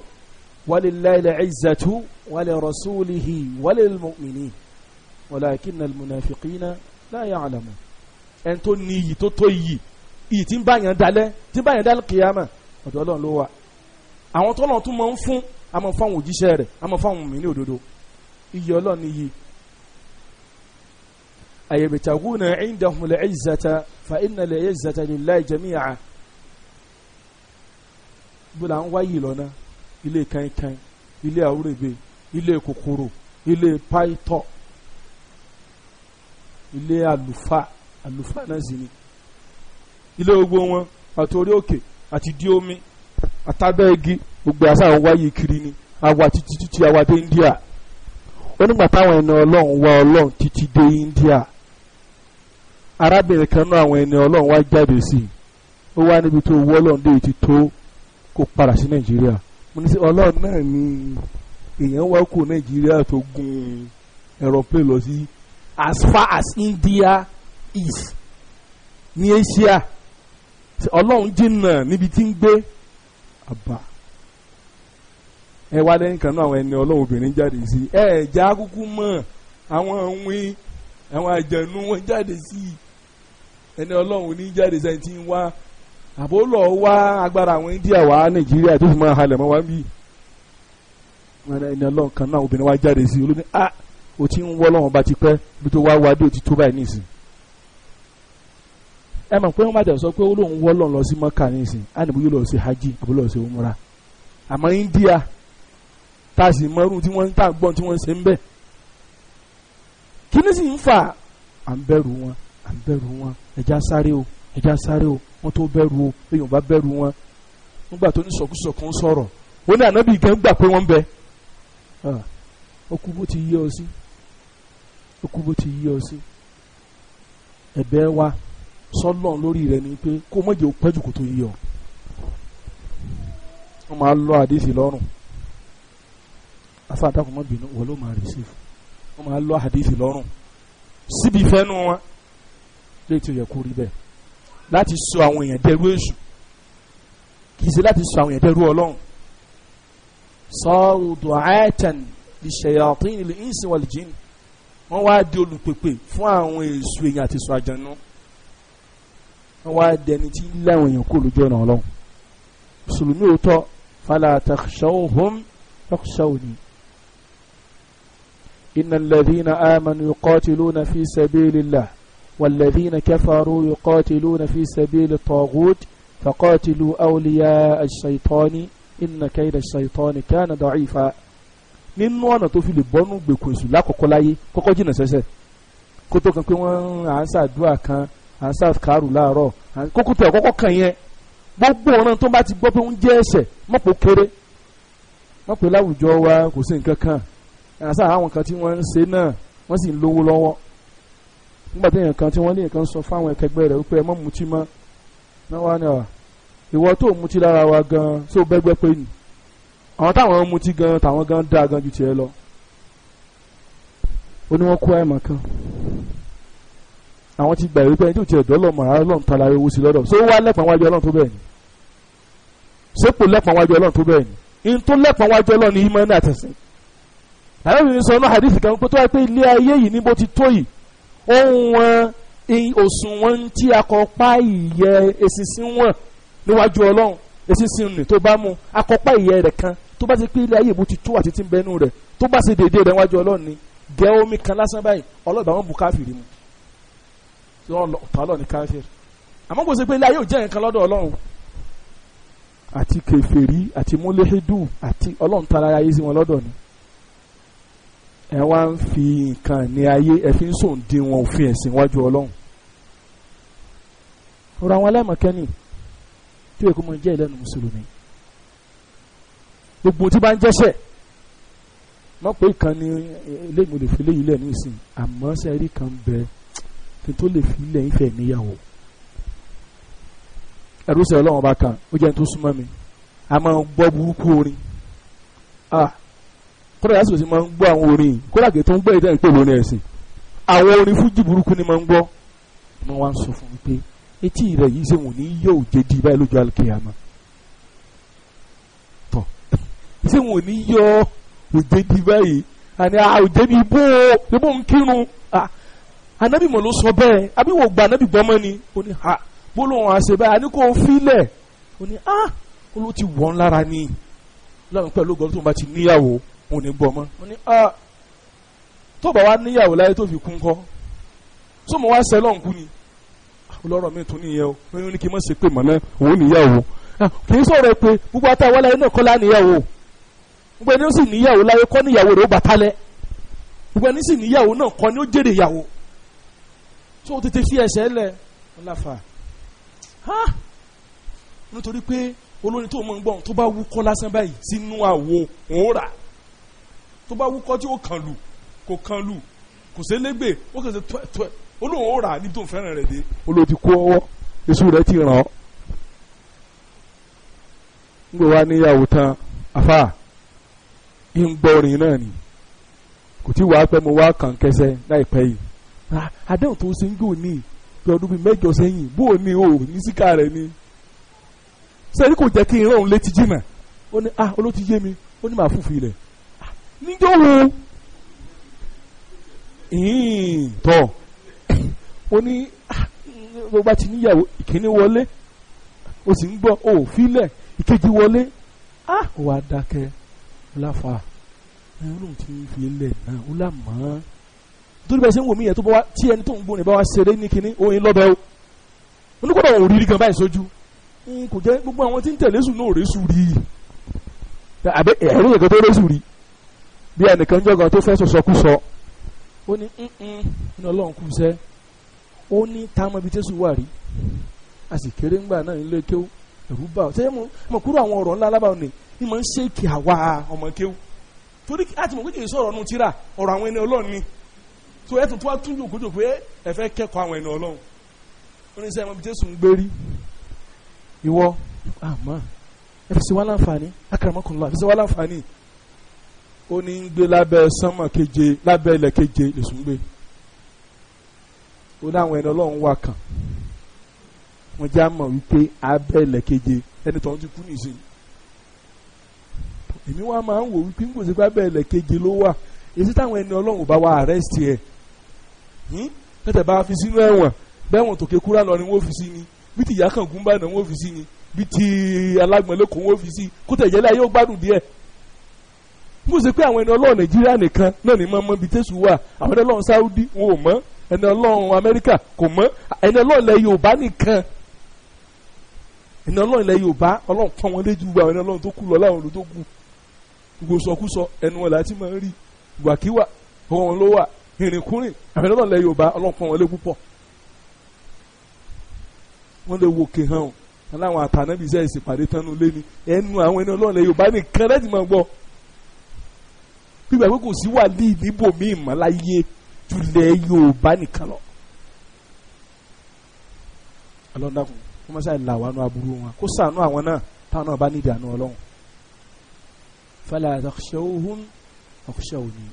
walillahi al-izzatu wali rasulihi walil mu'minin walakinnal munafiqina la ya'lamun ẹni tó ní iyì tó tó iyì iyì tí ń bá yàn dalẹ̀ tí ń bá yàn dalẹ̀ kìyàmà ọ̀dọ̀ ọlọ́run ló wà àwọn tọ́lọ̀ tún máa ń fún a máa fáwọn òjíṣẹ́ rẹ̀ a máa fáwọn mí ní òdodo iyì ọlọ́run ni yìí ayabtaguna indahum al-izzata fa inna al-izzata lillahi jami'a bó la ń wáyé lọ́nà ilé kankan ilé àwúrẹ́gbẹ́ ilé kòkòrò ilé pàìtọ́ ilé àlùfáà àlùfáà náà sì ni ilé gbogbo wọn àtòrí òkè. Okay àti di omi àtàbẹ́ igi gbogbo àṣà àwọn wáyé kiri ni àwa títí títí àwa dé India onígbà táwọn ẹni ọlọ́run wá ọlọ́run títí dé India arábìnrin kan náà àwọn ẹni ọlọ́run wá jáde sí i ó wá níbi tó wọ́ ọlọ́run dé ti tó kó padà sí Nàìjíríà mo ní sẹ́ ọlọ́run náà ni èèyàn wá kó Nàìjíríà tó gun aeroplane lọ sí as far as India is ní Asia ọlọ́run jìnnà níbi tí ń gbé àbá ẹ wá lẹ́yìn kan náà àwọn ẹni ọlọ́run obìnrin jáde sí ẹ ẹ̀ já kúkú mọ̀ àwọn òwin àwọn àjẹnú wọn jáde sí ẹni ọlọ́run ní jáde sẹ́yìn tí ń wá àbó lọ wá agbára àwọn India wá Nàìjíríà tó fi máa halẹ̀ mọ́ wá ń bì ẹni ọlọ́run kan náà obìnrin wá jáde sí olóyún ah o ti ń wọ́ lọ́wọ́n bá ti pẹ́ bí tó wá wá dé o ti tó báyìí nísìnyí ẹ mọ̀ pé wọ́n má jẹ́ sọ pé ó lóun wọ́ lọ́n lọ sí mọ́kà nísìn ánìbó yóò lọ sí hajj àbó lọ sí umra àmọ́ India tá a sì mọ́rú tí wọ́n ń tà gbọ́n tí wọ́n ń ṣe ń bẹ̀ kí ni sì ń fà à ń bẹ̀rù wọn à ń bẹ̀rù wọn ẹja sáré o ẹja sáré o wọ́n tó bẹ̀rù o èèyàn bá bẹ̀rù wọn nígbà tó ní sọkúsọ kan sọ̀rọ̀ ó ní ànábì gan gbà pé wọ́n ń bẹ ọkú bó ti yí ọ sí ọkú bó ti sọlọ́n lórí rẹ ni pé kó mọ̀jẹ̀ pẹ́jù kó tó yí ọ. wọ́n máa lọ àdìsí lọ́rùn afa àtàkùn mọ́ bínú wọ́n ló máa rìsíf wọ́n máa lọ àdìsí lọ́rùn síbi ìfẹ́nu wọn lè tó yẹ kó rí bẹ́ẹ̀ láti sọ àwọn èèyàn dẹrú èṣù kì í ṣe láti sọ àwọn èèyàn dẹrú ọlọ́run sọ́ọ́ dùn ìṣẹ̀yàtìn ilẹ̀ ìsìn wàlìjìn wọ́n wá di olùpèpè fún àwọn èṣù èèyàn àti èṣù àjànú wọ́n wá dẹni tí láwọn èèyàn kò lójú ọ̀nà ọlọ́run mùsùlùmí òótọ́ fala takhshawhum takhshawni innal ladhina amanu yuqatiluna fi sabilillah والذين كفروا يقاتلون في سبيل الطاغوت فقاتلوا أولياء الشيطان إن كيد الشيطان كان ضعيفا nínú ọ̀nà tó fi lè bọ́nú gbèkùn èṣù lákòókò láyé kọ́kọ́ jìnnà sẹ́sẹ̀ kó kan pé wọ́n à ń ṣàdúrà kan à ń sàkárù láàárọ̀ kókó tẹ̀ kọ́kọ́ kàn yẹn gbogbo ọ̀nà tó bá ti gbọ́ pé ń jẹ́ ẹ̀ṣẹ̀ mọ̀pọ̀ kéré mọ̀pọ̀ láwùjọ wa kò sí nǹkan kan àṣà àwọn kan tí wọ́n ń ṣe náà wọ́n sì ń lówó lọ́wọ́ nígbà tí èèyàn kan tí wọ́n lé nǹkan sọ fáwọn ẹ̀kẹgbẹ́ rẹ̀ wípé ẹ mọ̀ mutí mọ́ náà wá ní ọ̀rọ̀ ìwọ tó mutí lára wa gan tó bẹ́gbẹ́ pé nì àwọn táwọn mutí gan táwọn gan dáa gan ju tiẹ̀ lọ ó ní wọ́n kó àìmọ̀ kan àwọn ti gbà ìwé pé ẹni tí ò tiẹ̀ dọ́lọ̀ mọ̀ ara ọlọ́run tara ewu sí lọ́dọ̀ ṣé ó wá lẹ́pàá wájú ọlọ́run tó bẹ́ẹ̀ ni sépò lẹ́pàá wájú ọlọ́run tó bẹ́ẹ̀ ni in tó lẹ́pàá wájú ọlọ́run ni ìmọ̀ ní àtẹ̀sìn. àyẹ̀wò sọ náà hadith kan pé tó wáyé pé ilé ayé yìí ní bó ti tó yìí ohun wọn òṣùwọ̀n tí akọ̀pá ìyẹ eṣinṣin wọn níwájú ọlọ́run eṣinṣin nì tó bá mu akọ̀pá ìyẹ rẹ̀ kan tó bá ti pé ilé ayé bó ti tó àti tí ń bẹnu rẹ̀ tó bá ṣe déédéé rẹ̀ níwájú ọlọ́run ni gẹ́ omi kan lásán báyìí ọlọ́ọ̀bà wọn bù káfíìrì mu yọ ọ̀tọ̀ ọlọ́run ní káfíìrì àmọ́ kò sí pé ilé ayé ò jẹ́ nǹkan lọ́dọ̀ ọlọ́run àti kèfèrí àti múlẹ́hídù àti ọlọ́run tara ayé sí wọn lọ́dọ̀ ni ẹ wá ń fi nǹkan ní ayé ẹ fi ń sòǹdí wọn òfin ẹ̀sìn wájú ọlọ́run ọ̀rọ̀ àwọn aláìmọ̀kẹ́ni tí èkó mọ jẹ́ ìlẹ́nu mùsùlùmí gbogbo tí bá ń jẹ́sẹ̀ mọ̀ pé ìkànnì eléyìí mo lè fi léyìí lẹ̀ ní ìsìn àmọ́ sẹ́rí kan bẹ́ẹ̀ kí n tó lè fi ilẹ̀ ìfẹ́ níyàwó ẹ̀rú sẹ̀ ọlọ́run ọba kan ó jẹ́ ní tó súnmọ́ mi a máa ń gbọ́ burúkú orin ah kódà yàtọ̀ sí máa ń gbọ́ àwọn orin kódà kì í tó ń gbọ́ ìdá ìpè lórí ẹ̀sìn àwọn orin fújì burúkú ni máa ń gbọ́ mo wá ń sọ fún mi pé etí rẹ̀ yìí ṣe wò ní yóò jẹ́ di báyìí lójú alùkìyàmá tọ̀ ṣé wò ní yọ òjé di báyìí àní àòjé ni bó o ṣe bó ń kírun anabi mọ̀ ló sọ bẹ́ẹ̀ àbí wò gba anabi gbọ́ mọ́ ni ó ní ha gbólóhùn àṣẹ báyìí àní kò filẹ̀ ó ní ah olú ti wọ́n lára ni lọ́run pẹ̀lú gbọ́dọ̀ tó ń bá ti níyàwó ó ní gbọ́ mọ́ ó ní ah tó bá wa níyàwó láyé tó fi kún kọ́ tó mọ̀ wá sẹ́ lọ́n kú ni ah, ọlọ́rọ̀ mi tún nìyẹn o ó ní kí n má ṣe pé mọ̀ náà òun níyàwó ah, kì í sọ̀rọ̀ pé gbogbo àtàwọn aláyé náà kọ́lá níyàwó gbogbo ẹni ó sì níyàwó láyé kọ́ níyàwó rẹ̀ ó bàtálẹ̀ gbogbo ẹni sì níyàwó náà kọ́ ni ó jèrè ìyàwó so o tètè fi ẹsẹ̀ lẹ̀ wọn láfa ha nítorí pé olórin tó mọ̀ ń gbọ́n tó bá wúkọ́ lásán báyìí sínú àwo òórà tó bá wúkọ́ tí ó kàn lù kò kàn lù kò sí elégbè ó kàn sí tọ́ẹ̀tọ́ẹ̀ olóhùn òórà níbi tó ń fẹ́ràn rẹ̀ dé olóòtú kó ọwọ́ èso rẹ̀ ti ràn ọ́. ń gbé wa níyàwó tán afá ń gbọ́ orin náà ni kò tí wàá pẹ́ mo wá kàn kẹsẹ́ láìpẹ́ yìí Ah, àdéhùn tó ṣe ń jò ní bí ọdún bíi mẹ́jọ sẹ́yìn bó o ní o ní síkà rẹ ni sẹ́yìn kò jẹ́ kí n rán òun létí jìnnà ó ní ah olóòtú yé mi ó ní màá fùfì rẹ̀ ah, níjọ́ wo tọ́ ó ní bó ah, bá ti níyàwó ìkíní wọlé o sì ń gbọ́ o fílẹ̀ ìkejì wọlé ah wàá dákẹ́ láfa ẹ̀ olóòtú fi lẹ̀ náà ó là mọ́ ọ́ torí bẹ́ẹ̀ ṣe ń wò mí yẹn tó bá wá tí ẹni tó ń gbóni bá wá ṣeré ní kinní oyin lọ́bẹ̀ o onígbọ́dọ̀ ò rírí gan báyìí sójú kò jẹ́ gbogbo àwọn tí ń tẹ̀lé sùn náà rèé sùn rí i àbẹ ẹ̀rí yẹn tó rèé sùn rí bí ẹnìkan jọ tó fẹ́ sọ̀sọ̀ kú sọ ó ní ní ọlọ́run kù sẹ́ ó ní táwọn ibi tẹ́sù wà rí a sì kéré ńgbà náà nílé kéw ẹ̀rú bá ṣé mo kúrò àwọn ọ̀rọ̀ ńlá alábàá ni ni mo ń ṣèkì àwa ọmọ kéw torí àti mo kéde sọ̀rọ̀ ọ̀nù tíra ọ̀rọ̀ àwọn ẹni ọlọ́run ni so ẹ tún tún wá tún jòkó jòkó ẹ ẹ fẹ́ kẹ́kọ̀ọ́ àwọn ẹni ọlọ́run oníṣẹ́ ẹ̀mọ́ bíi jésù ń gbérí ìwọ àmọ́ ẹ fi ṣe wá láǹfààní akaramakunlá fi ṣe wá láǹfààní ó ní ń gbé lábẹ́ sánmà keje lábẹ́ ilẹ̀ keje lèṣù ń gbé ó ní àwọn ẹni ọlọ́run wà kàn wọ́n já mọ̀ wípé abẹ́ ilẹ̀ keje ẹni tó ń ti kú nìsín èmi wá máa ń wò wípé ń gbòsí pé abẹ́ ilẹ̀ keje ló wà èyí táwọn ẹni ọlọ́run bá wá àrẹ́sì ẹ̀ Hmm? tẹ̀tẹ̀ bá fi sínú ẹ̀wọ̀n bẹ́ẹ̀wọ̀n tòkè kúrà lọ ni wọ́n fi sí ni bí ti ìyá kàngún bá náà wọ́n fi sí ni bí ti alágbọ̀nlẹ́kọ̀ọ́ wọ́n fi sí kó tẹ̀ yẹlẹ́ ayé ó gbádùn díẹ̀. mo ṣe pé àwọn ẹni ọlọ́run nàìjíríà nìkan náà ni mọ́mọ́ bíi tẹ́sù wà àwọn ẹni ọlọ́run sáúdí wọn ò mọ̀ ẹni ọlọ́run amẹ́ríkà kò mọ̀ ẹni ọlọ́run ilẹ̀ yorùbá nìkan ẹni ọlọ́run ilẹ̀ yorùbá ọlọ́run pọ́n wọn léjú gbogbo àwọn ẹni ọlọ́run tó kú lọ láwọn olùdókù gbogbo sọkúsọ ẹnu wọn làá ti máa ń rí ìwàkiwà ìrìnkúrìn àmì lọ́dọ̀ lẹ Yorùbá ọlọ́pàá wọn púpọ̀ wọ́n lè wòkè hàn o aláwọn àtànábì iṣẹ́ ìsèpàdé tánú lé ẹnu àwọn ẹni ọlọ́ọ̀lẹ̀ Yorùbá nìkan láti máa gbọ́ bíbẹ̀ pé kò sí wàlíì níbò míì mọ́ láyé Yorùbá nìkan lọ. ọlọ́dàkùn kó má sáà làwọn àánú aburú wọn kó sànú àwọn náà táwọn náà bá nídìí àánú Ọlọ́run fala takhshawhum wakhshawni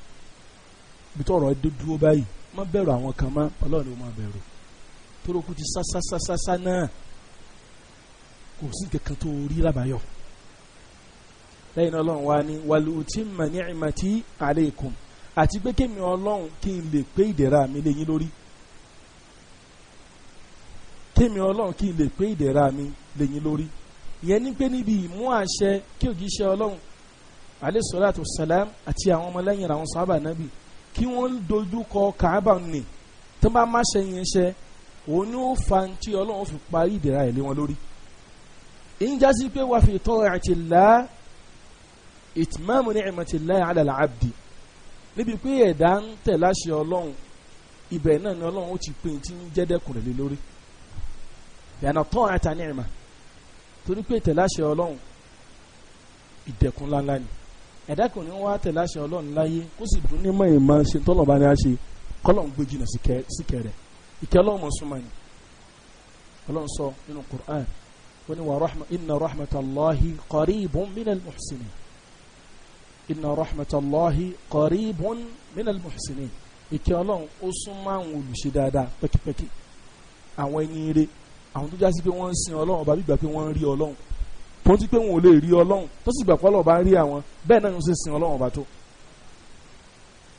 bí tọrọ dúró báyìí má bẹ̀rù àwọn kan má ọlọ́run ló má bẹ̀rù torókù ti sásásásásá náà kò sí kankan tó rí lábàáyọ lẹ́yìn ọlọ́run wa ni wàlúùtí mà ní ìmàtí alaykum àti pé kémi ọlọ́run kí n lè pé ìdẹ̀ra mi léyìn lórí kémi ọlọ́run kí n lè pé ìdẹ̀ra mi léyìn lórí ìyẹn ní pé níbi ìmú àṣẹ kí òjíṣẹ́ ọlọ́run alayhi salatu wassalam àti àwọn ọmọlẹ́yìn àwọn sábà nábì kí wọ́n ń dojú kọ kàábà nì tó bá má ṣe yẹn ṣe òun ni ó fa ti ọlọ́run fi parí ìdẹ̀ra ẹ̀ lé wọn lórí ìjásí pé wàá fi tọ́ àti là ìtìmáàmù ní ìmọ̀tì láyà àdàlà àbdì níbi pé ẹ̀dá ń tẹ̀ láṣẹ ọlọ́run ibẹ̀ náà ni ọlọ́run ó ti pín tí ń jẹ́dẹ́kùnrin lé lórí yàrá tọ́ àti torí pé tẹ̀ láṣẹ ọlọ́run ìdẹ̀kùn láńlá ni ẹ̀dá kan ní wá tẹ̀lé àṣẹ ọlọ́run láyé kó sì dún ní mọ̀ ìmọ̀ ṣe tọ́lọ̀ bá ní àṣẹ kọ́lọ̀ ń gbé jìnnà síkẹ̀ rẹ̀ ìkẹ́ ọlọ́run mọ̀ súnmọ́ ni ọlọ́run sọ nínú Qur'an wọ́n ní wà rahma inna rahmatulahi qaribun minal muhsinin inna rahmatulahi qaribun minal muhsinin ìkẹ́ ọlọ́run ó àwọn olùṣe dáadáa pẹ́kípẹ́kí àwọn ẹni ire àwọn tó jásí pé wọ́n ń sin ọlọ́run bàbí ìgbà pé wọ́n ń rí ọlọ́run tó ti pé wọn ò lè rí ọlọ́run tó sì gbà pọ́lọ́ bá rí àwọn bẹ́ẹ̀ náà ń ṣe sin ọlọ́run ọba tó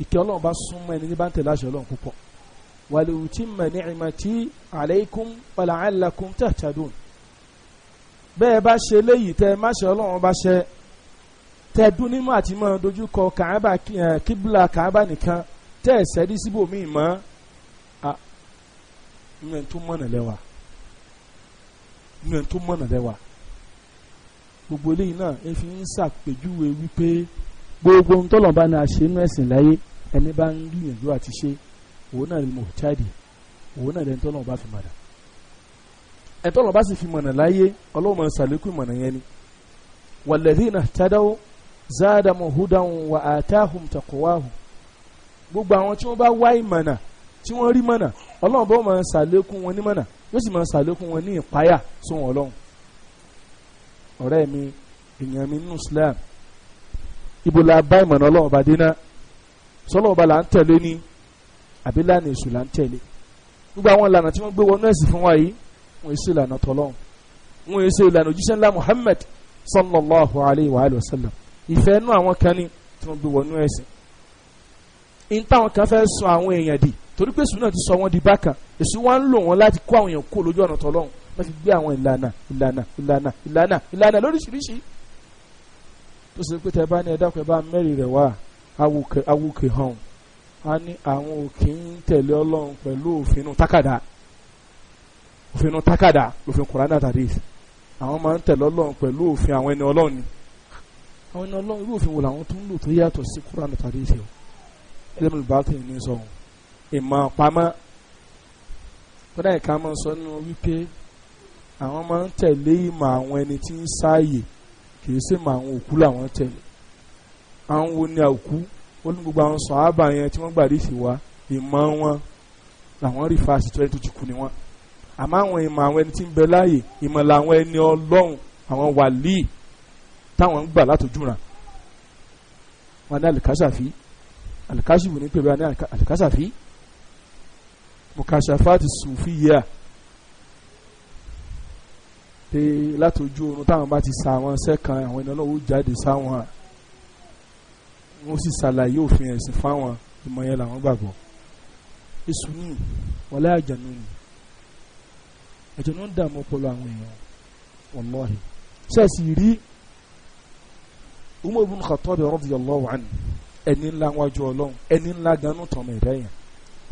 ìkẹ́ ọlọ́run bá súnmọ́ ẹni ní bá ń tẹ̀lé àṣẹ ọlọ́run púpọ̀ wàlúù tí mẹ̀ ìmọ̀tí alaykum wàlà alákùn tẹ̀tẹ̀dùn bẹ́ẹ̀ bá ṣe léyìí tẹ́ má ṣe ọlọ́run bá ṣe tẹ́ nímọ̀ àti mọ́ dojúkọ kàába kíbla kàába nìkan tẹ́ ẹ̀ sẹ́dí gbogbo eléyìí náà ẹ fi ń ṣàpèjúwe wípé gbogbo ohun tọ́lọ̀ bá náà ṣe inú ẹ̀sìn láyé ẹni bá ń gbìyànjú àti ṣe òun náà mọ̀ jáde òun náà lẹ́ni tọ́lọ̀ bá fi mọ̀nà ẹni tọ́lọ̀ bá sì fi mọ̀nà láyé ọlọ́run máa ṣàlékún ìmọ̀nà yẹn ni walladhina ihtadaw zaadamu hudan wa atahum taqwahum gbogbo àwọn tí wọ́n bá wá ìmọ̀nà tí wọ́n rí mọ̀nà ọlọ́run bá máa ṣàlékún wọn ní mọ̀nà yóò sì máa ṣàlékún wọn ní ìpáyà sóhun ọlọ́run ọ̀rẹ́ mi èèyàn mi nínú Islam ibo la bá ìmọ̀nà ọlọ́run ọba dé náà sọlọ́ ọba là ń tẹ̀lé ni àbí lánàá èṣù là ń tẹ̀lé gbogbo àwọn ìlànà tí wọ́n gbé wọnú ẹ̀sìn fún wa yìí wọ́n èso ìlànà tọ́lọ́run wọ́n èso ìlànà òjíṣẹ́ ńlá Muhammad sallallahu alayhi wa alayhi wa sallam ìfẹ́ inú àwọn kan ni tí wọ́n gbé wọnú ẹ̀sìn ní táwọn kan fẹ́ sọ àwọn èèyàn dì torí pé èṣù náà ti sọ wọn di bákan èṣù wa ń lò wọn láti kó àwọn èèyàn kó lójú ọ̀nà tọ́lọ́run wọ́n ti gbé àwọn ìlànà ìlànà ìlànà ìlànà ìlànà lóríṣiríṣi tó ṣe pé tẹ bá ní ẹ̀dá pẹ̀ bá mẹ́rin rẹ̀ wá awùkè hàn á ní àwọn òkè ń tẹ̀lé ọlọ́run pẹ̀lú òfin tákàdá òfin tákàdá òfin kùránà tàbí àwọn máa ń tẹ̀lé ọlọ́run pẹ̀lú òfin àwọn ẹni ọlọ́run ni àwọn ẹni ọlọ́run irú òfin wo làwọn tó ń lò tó yàtọ̀ sí kùránà tàbí ìṣẹ̀wò ẹlẹ́mìlì bá tẹ̀ ní sọ̀hún ìmọ̀ pamọ́ kódà ìka máa ń sọ nínú wípé àwọn máa ń tẹ̀lé ìmọ̀ àwọn ẹni tí ń sáàyè kì í sì mọ àwọn òkú làwọn tẹ̀lé àwọn wo ni òkú ó ní gbogbo àwọn sọ̀hábà yẹn tí wọ́n gbàdí sí wa ìmọ̀ wọn làwọn rí fa àṣìṣe tó ti kù ní wọn àmọ́ àwọn ìmọ̀ àwọn ẹni tí ń bẹ láàyè ìmọ̀ làwọn ẹni ọlọ́run àwọn wàlíì táwọn ń gbà látòjúra wọn ní àlìkáṣàfí àlìkáṣìwò ní pẹ̀lú àlìkáṣàfí mùkàṣàfá ti sùn fìyà pé láti ojú oorun táwọn bá ti sa àwọn sẹ́kàn àwọn iná náà ó jáde sáwọn wọ́n sì ṣàlàyé òfin ẹ̀sìn fáwọn ìmọ̀ yẹn làwọn gbàgbọ́ èṣù ní wọlé àjànú ni àjànú ń dààmú ọpọlọ àwọn èèyàn wallahi sẹ́ẹ̀sì rí Umar ibn Khattab radiyallahu anhu ẹni ńlá wájú ọlọ́run ẹni ńlá ganú tọmọ ẹ̀dá yẹn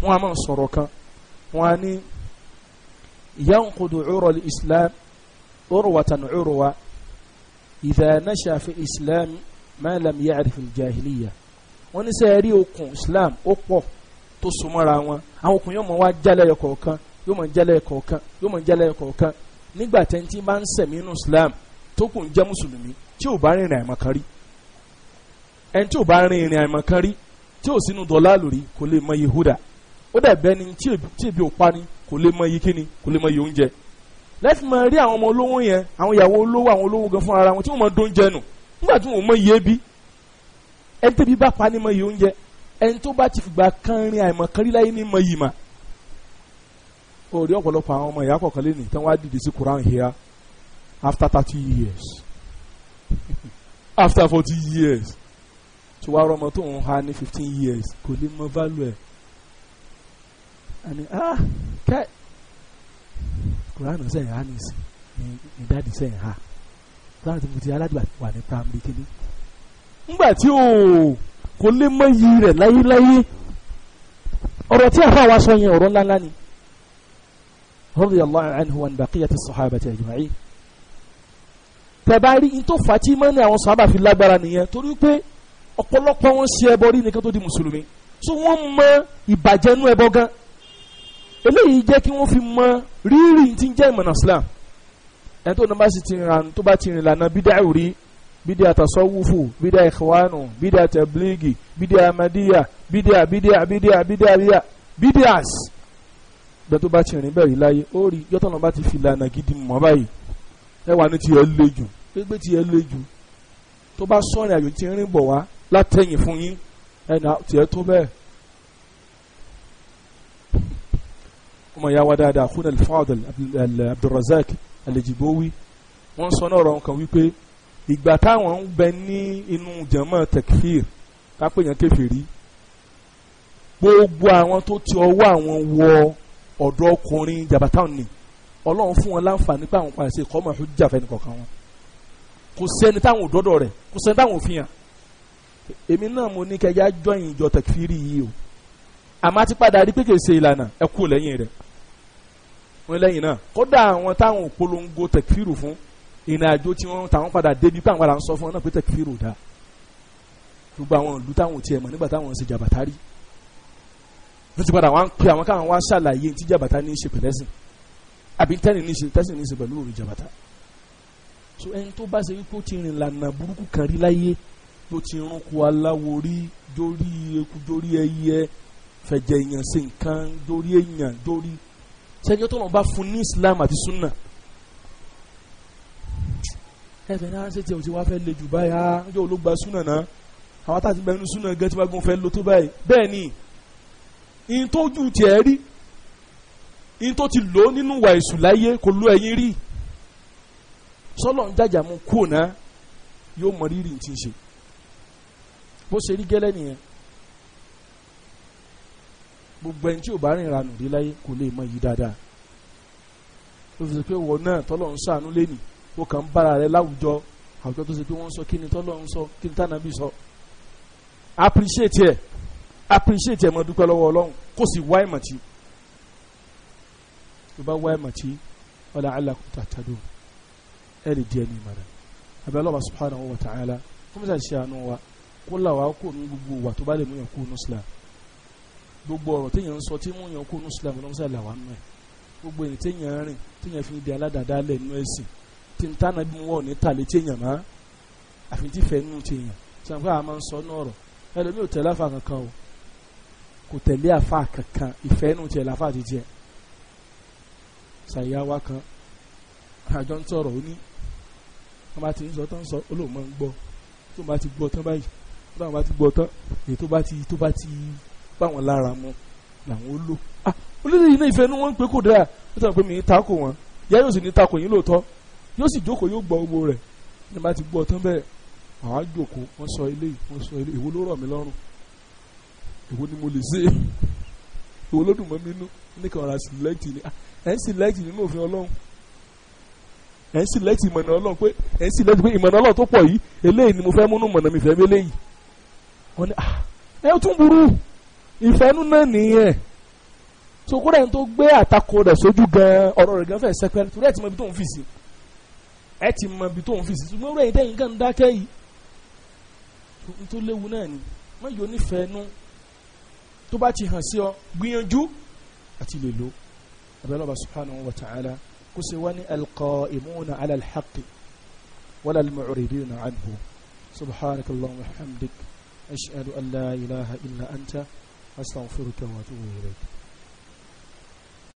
wọ́n máa sọ̀rọ̀ kan wọ́n á ní yanqudu ura islam urwatan urwa idha nasha fi islam ma lam ya'rif al-jahiliya wọ́n ní sẹ́ẹ̀rí okùn islam ó pọ̀ tó súnmọ́ra wọn àwọn okùn yóò mọ̀ wá jálẹ̀ kọ̀ọ̀kan yóò mọ̀ jálẹ̀ kọ̀ọ̀kan yóò mọ̀ jálẹ̀ kọ̀ọ̀kan nígbà tẹ́ntì bá ń sẹ̀mí inú islam tó kùn jẹ́ mùsùlùmí tí ò bá rìnrìn àìmọ̀ kan rí ẹni tí ò bá rìnrìn àìmọ̀ kan rí tí ò sínú dọ̀là lórí kò lè mọ iye húdà ó dẹ̀ bẹ́ni tí èbi ò pa ni kò lè mọ iye kíni kò lè mọ iye oúnjẹ láti máa rí àwọn ọmọ olówó yẹn àwọn ìyàwó olówó àwọn olówó gan fún ara wọn tí wọ́n máa dóúnjẹ nù nígbà tí wọ́n mọ iye bí ẹni tẹ́bi bá pa ni mọ iye oúnjẹ ẹni tó bá ti fìgbà kan rin àìmọ̀ kan rí láyé ní mọ iyì mà orí ọ̀pọ̀lọpọ̀ àwọn ọmọ ìyá kọ̀ọ̀kan lé ní tí wọ́n á dìde sí Quran here after thirty years after forty years tí wàá rọmọ tó ń ha ní fifteen years kò lè mọ value ẹ̀ àní ah kẹ́ẹ̀ kùránù sẹ̀ ń ha ni ìsìn ní ìdádì sẹ̀ ń ha kùránù ti mo ti aládùúgbà wà ní primary kìíní. ńgbà tí o kò lè mọ iyì rẹ̀ láyéláyé ọ̀rọ̀ tí àfa wa sọ yẹn ọ̀rọ̀ ńláńlá ni. radiyallahu anhu wa baqiyati sahabati ajma'in tẹ̀bárí ntọ́ fàtí mọ́ ní àwọn sábà fi lágbára nìyẹn torí pé ọ̀pọ̀lọpọ̀ wọn ṣe ẹbọ rí nìkan tó di mùsùlùmí so wọ́n mọ ìbàjẹ́ nú ẹbọ gan eléyìí jẹ́ kí wọ́n fi mọ rírì tí ń jẹ́ ìmọ̀nà Islam ẹni tó nàbà sì ti ràn tó bá ti rìn lànà bídà ìrí bídà tasawufu bídà ikhwanu bídà tabligi bídà amadiya bídà bídà bídà bídà bídà bídàs bẹ́ẹ̀ tó bá ti rìn bẹ́ẹ̀ rí láyé ó rí yọ́tọ̀ náà bá ti fi lànà gidi mọ́ báyìí ẹ wà ní tiẹ̀ lé jù gbégbé tiẹ̀ lé jù tó bá sọ̀rìn àjò tí rìn bọ̀ wá látẹ̀yìn fún yín ẹ̀ nà tiẹ̀ tó bẹ́ẹ̀ ọmọ ìyá wa dáadáa Akhuna al-Fadil Abdulrazak al-Jibowi wọ́n sọ náà rọrùn kan wípé ìgbà táwọn ń bẹ ní inú jama tekfir kápẹ́ yẹn kèfèrí gbogbo àwọn tó ti ọwọ́ àwọn wọ ọ̀dọ́ ọkùnrin jabatan ni ọlọ́run fún wọn láǹfààní pé àwọn pàṣẹ kọ́ mọ̀ ìjà fẹ́ni kọ̀ọ̀kan wọn kò sẹ́ni táwọn òdọ́dọ̀ rẹ̀ kò sẹ́ni táwọn òfin hàn èmi náà mo ní kẹjá jọyìn ìjọ tekfiri yìí o àmọ́ àti padà rí pé kì í ṣe ìlànà ẹ kú lẹ́yìn rẹ̀ wọ́n lẹ́yìn náà kódà àwọn táwọn polongo tẹ̀kfíìrù fún ìrìn àjò tí wọ́n táwọn padà débi pé àwọn padà ń sọ fún wọn náà pé tẹ̀kfíìrù dáa gbogbo àwọn ìlú táwọn ò tiẹ̀ mọ̀ nígbà táwọn ń ṣe jàbàtà rí wọ́n ti padà wọ́n á pe àwọn káwọn wá ṣàlàyé tí jàbàtà ní í ṣe pẹ̀lẹ́sìn àbí tẹ́sìn ní í ṣe pẹ̀lú òrì jàbàtà so ẹni tó bá ṣe wípé ó ti rìn lànà burúkú kan rí láyé tó ti rún kó aláwo rí dórí eku dórí ẹyẹ fẹ̀jẹ̀ èèyàn ṣe nǹkan dori èèyàn dórí sẹ́jọ́ tó lọ́n bá fún ní Islam àti sunna ẹ̀fẹ̀ náà ṣe tiẹ̀ ò ti wá fẹ́ le jù báyìí á ah, ń jẹ́ olóògbà sunna náà àwọn àtàtì bẹ́ẹ̀ ní sunna gẹ́tí wá gún fẹ́ lo tó báyìí bẹ́ẹ̀ ni ìyìn tiẹ̀ rí ìyìn ti lò nínú wà èṣù láyé kò lo ẹ̀yìn rí sọ́lọ̀ ń jàjà mú kúò náà yóò mọ rírì ti ṣe bó ṣe rí gẹ́lẹ́ nìyẹn gbogbo ẹni tí ò bá rìn ìranù dé láyé kò lè mọ yìí dáadáa ó fi sọ pé wọ náà tọ́lọ̀ ń sànú lẹ́nì ó kàn ń bára rẹ láwùjọ àwùjọ tó ṣe pé wọ́n sọ kí ni tọ́lọ̀ ń sọ kí ni tànàbí sọ appreciate ẹ appreciate ẹ mọ dúpẹ́ lọ́wọ́ ọlọ́run kó sì wá ìmọ̀ tí tó bá wá ìmọ̀ tí wọ́n lè alákùn lè di ẹni ìmọ̀ràn abẹ́ Allah subhanahu wa ta'ala kó mẹ́ta ṣe àánú wa kó làwọn kó nu gbogbo wa tó bá lè mú yàn gbogbo ọ̀rọ̀ téèyàn ń sọ tí mú yàn kó nù sílámù lọ́mùsá làwọn nù ẹ̀ gbogbo èyí téèyàn rìn téèyàn fi di aládàáda lẹ̀ nù ẹ̀sìn tí n tánà bí wọn ò ní tàlé téèyàn má àfi tí fẹ́ nù téèyàn sàǹkó àwọn máa ń sọ nù ọ̀rọ̀ ẹlòmí ò tẹ̀lé àfa kankan o kò tẹ̀lé àfa kankan ìfẹ́ nù tiẹ̀ làfa ti tiẹ̀ sàyáwá kan àjọ ń sọ̀rọ̀ ó ní bá ti ń sọ tán sọ olóòmọ̀ ń gbọ́ tó bá ti gbọ́ tán báyìí tó bá ti gbọ́ tán èyí tó bá ti tó bá ti fáwọn lára mu làwọn lò ah olóyè yìí náà ìfẹ́ inú wọn ń pé kò dáa ó sọ pé mi ì takò wọn ìyá yóò sì ní takò yín lóòótọ́ yóò sì jókòó yóò gbọ́ owó rẹ̀ ní bá ti gbọ́ tán bẹ́ẹ̀ àwọn á jókòó wọ́n sọ eléyìí wọ́n sọ eléyìí èwo ló rọ̀ mí lọ́rùn èwo ni mo lè ṣe èwo ló dùn mọ́ mi nú nìkan ọ̀rà sílẹ̀tì ni ah, ẹ̀ ń sílẹ̀tì nínú òfin ọlọ́run ẹ̀ ń sílẹ̀tì ìmọ̀nà ọlọ́run pé ẹ̀ ń sílẹ̀tì pé ìmọ̀nà ọlọ́run tó pọ̀ yìí eléyìí ni mo fẹ́ múnú mọ̀nà mi fẹ́ mi eléyìí wọ́n ní ah, ẹ̀ tún burú ìfẹ́nu náà nìyẹn so kódà ẹni tó gbé àtakò rẹ̀ sójú gan ọ̀rọ̀ rẹ̀ gan fẹ́ sẹ́pẹ́ torí ẹ̀ ti mọ ibi tó ń fi sí ẹ̀ ti mọ ibi tó ń fi sí ṣùgbọ́n rẹ̀ ìdẹ́yìn kan dákẹ́ yìí n tó léwu náà ni má yọ nífẹ̀ẹ́ nú tó bá ti hàn sí ọ gbìyànjú àti lè lò abẹ́lọ́ba subhanahu wa ta'ala kó ṣe wá ní alqa'imuna ala alhaqqi wala almu'ridina anhu subhanakallahumma wa hamdik ashhadu an la ilaha illa anta. أستغفرك وأتوب إليك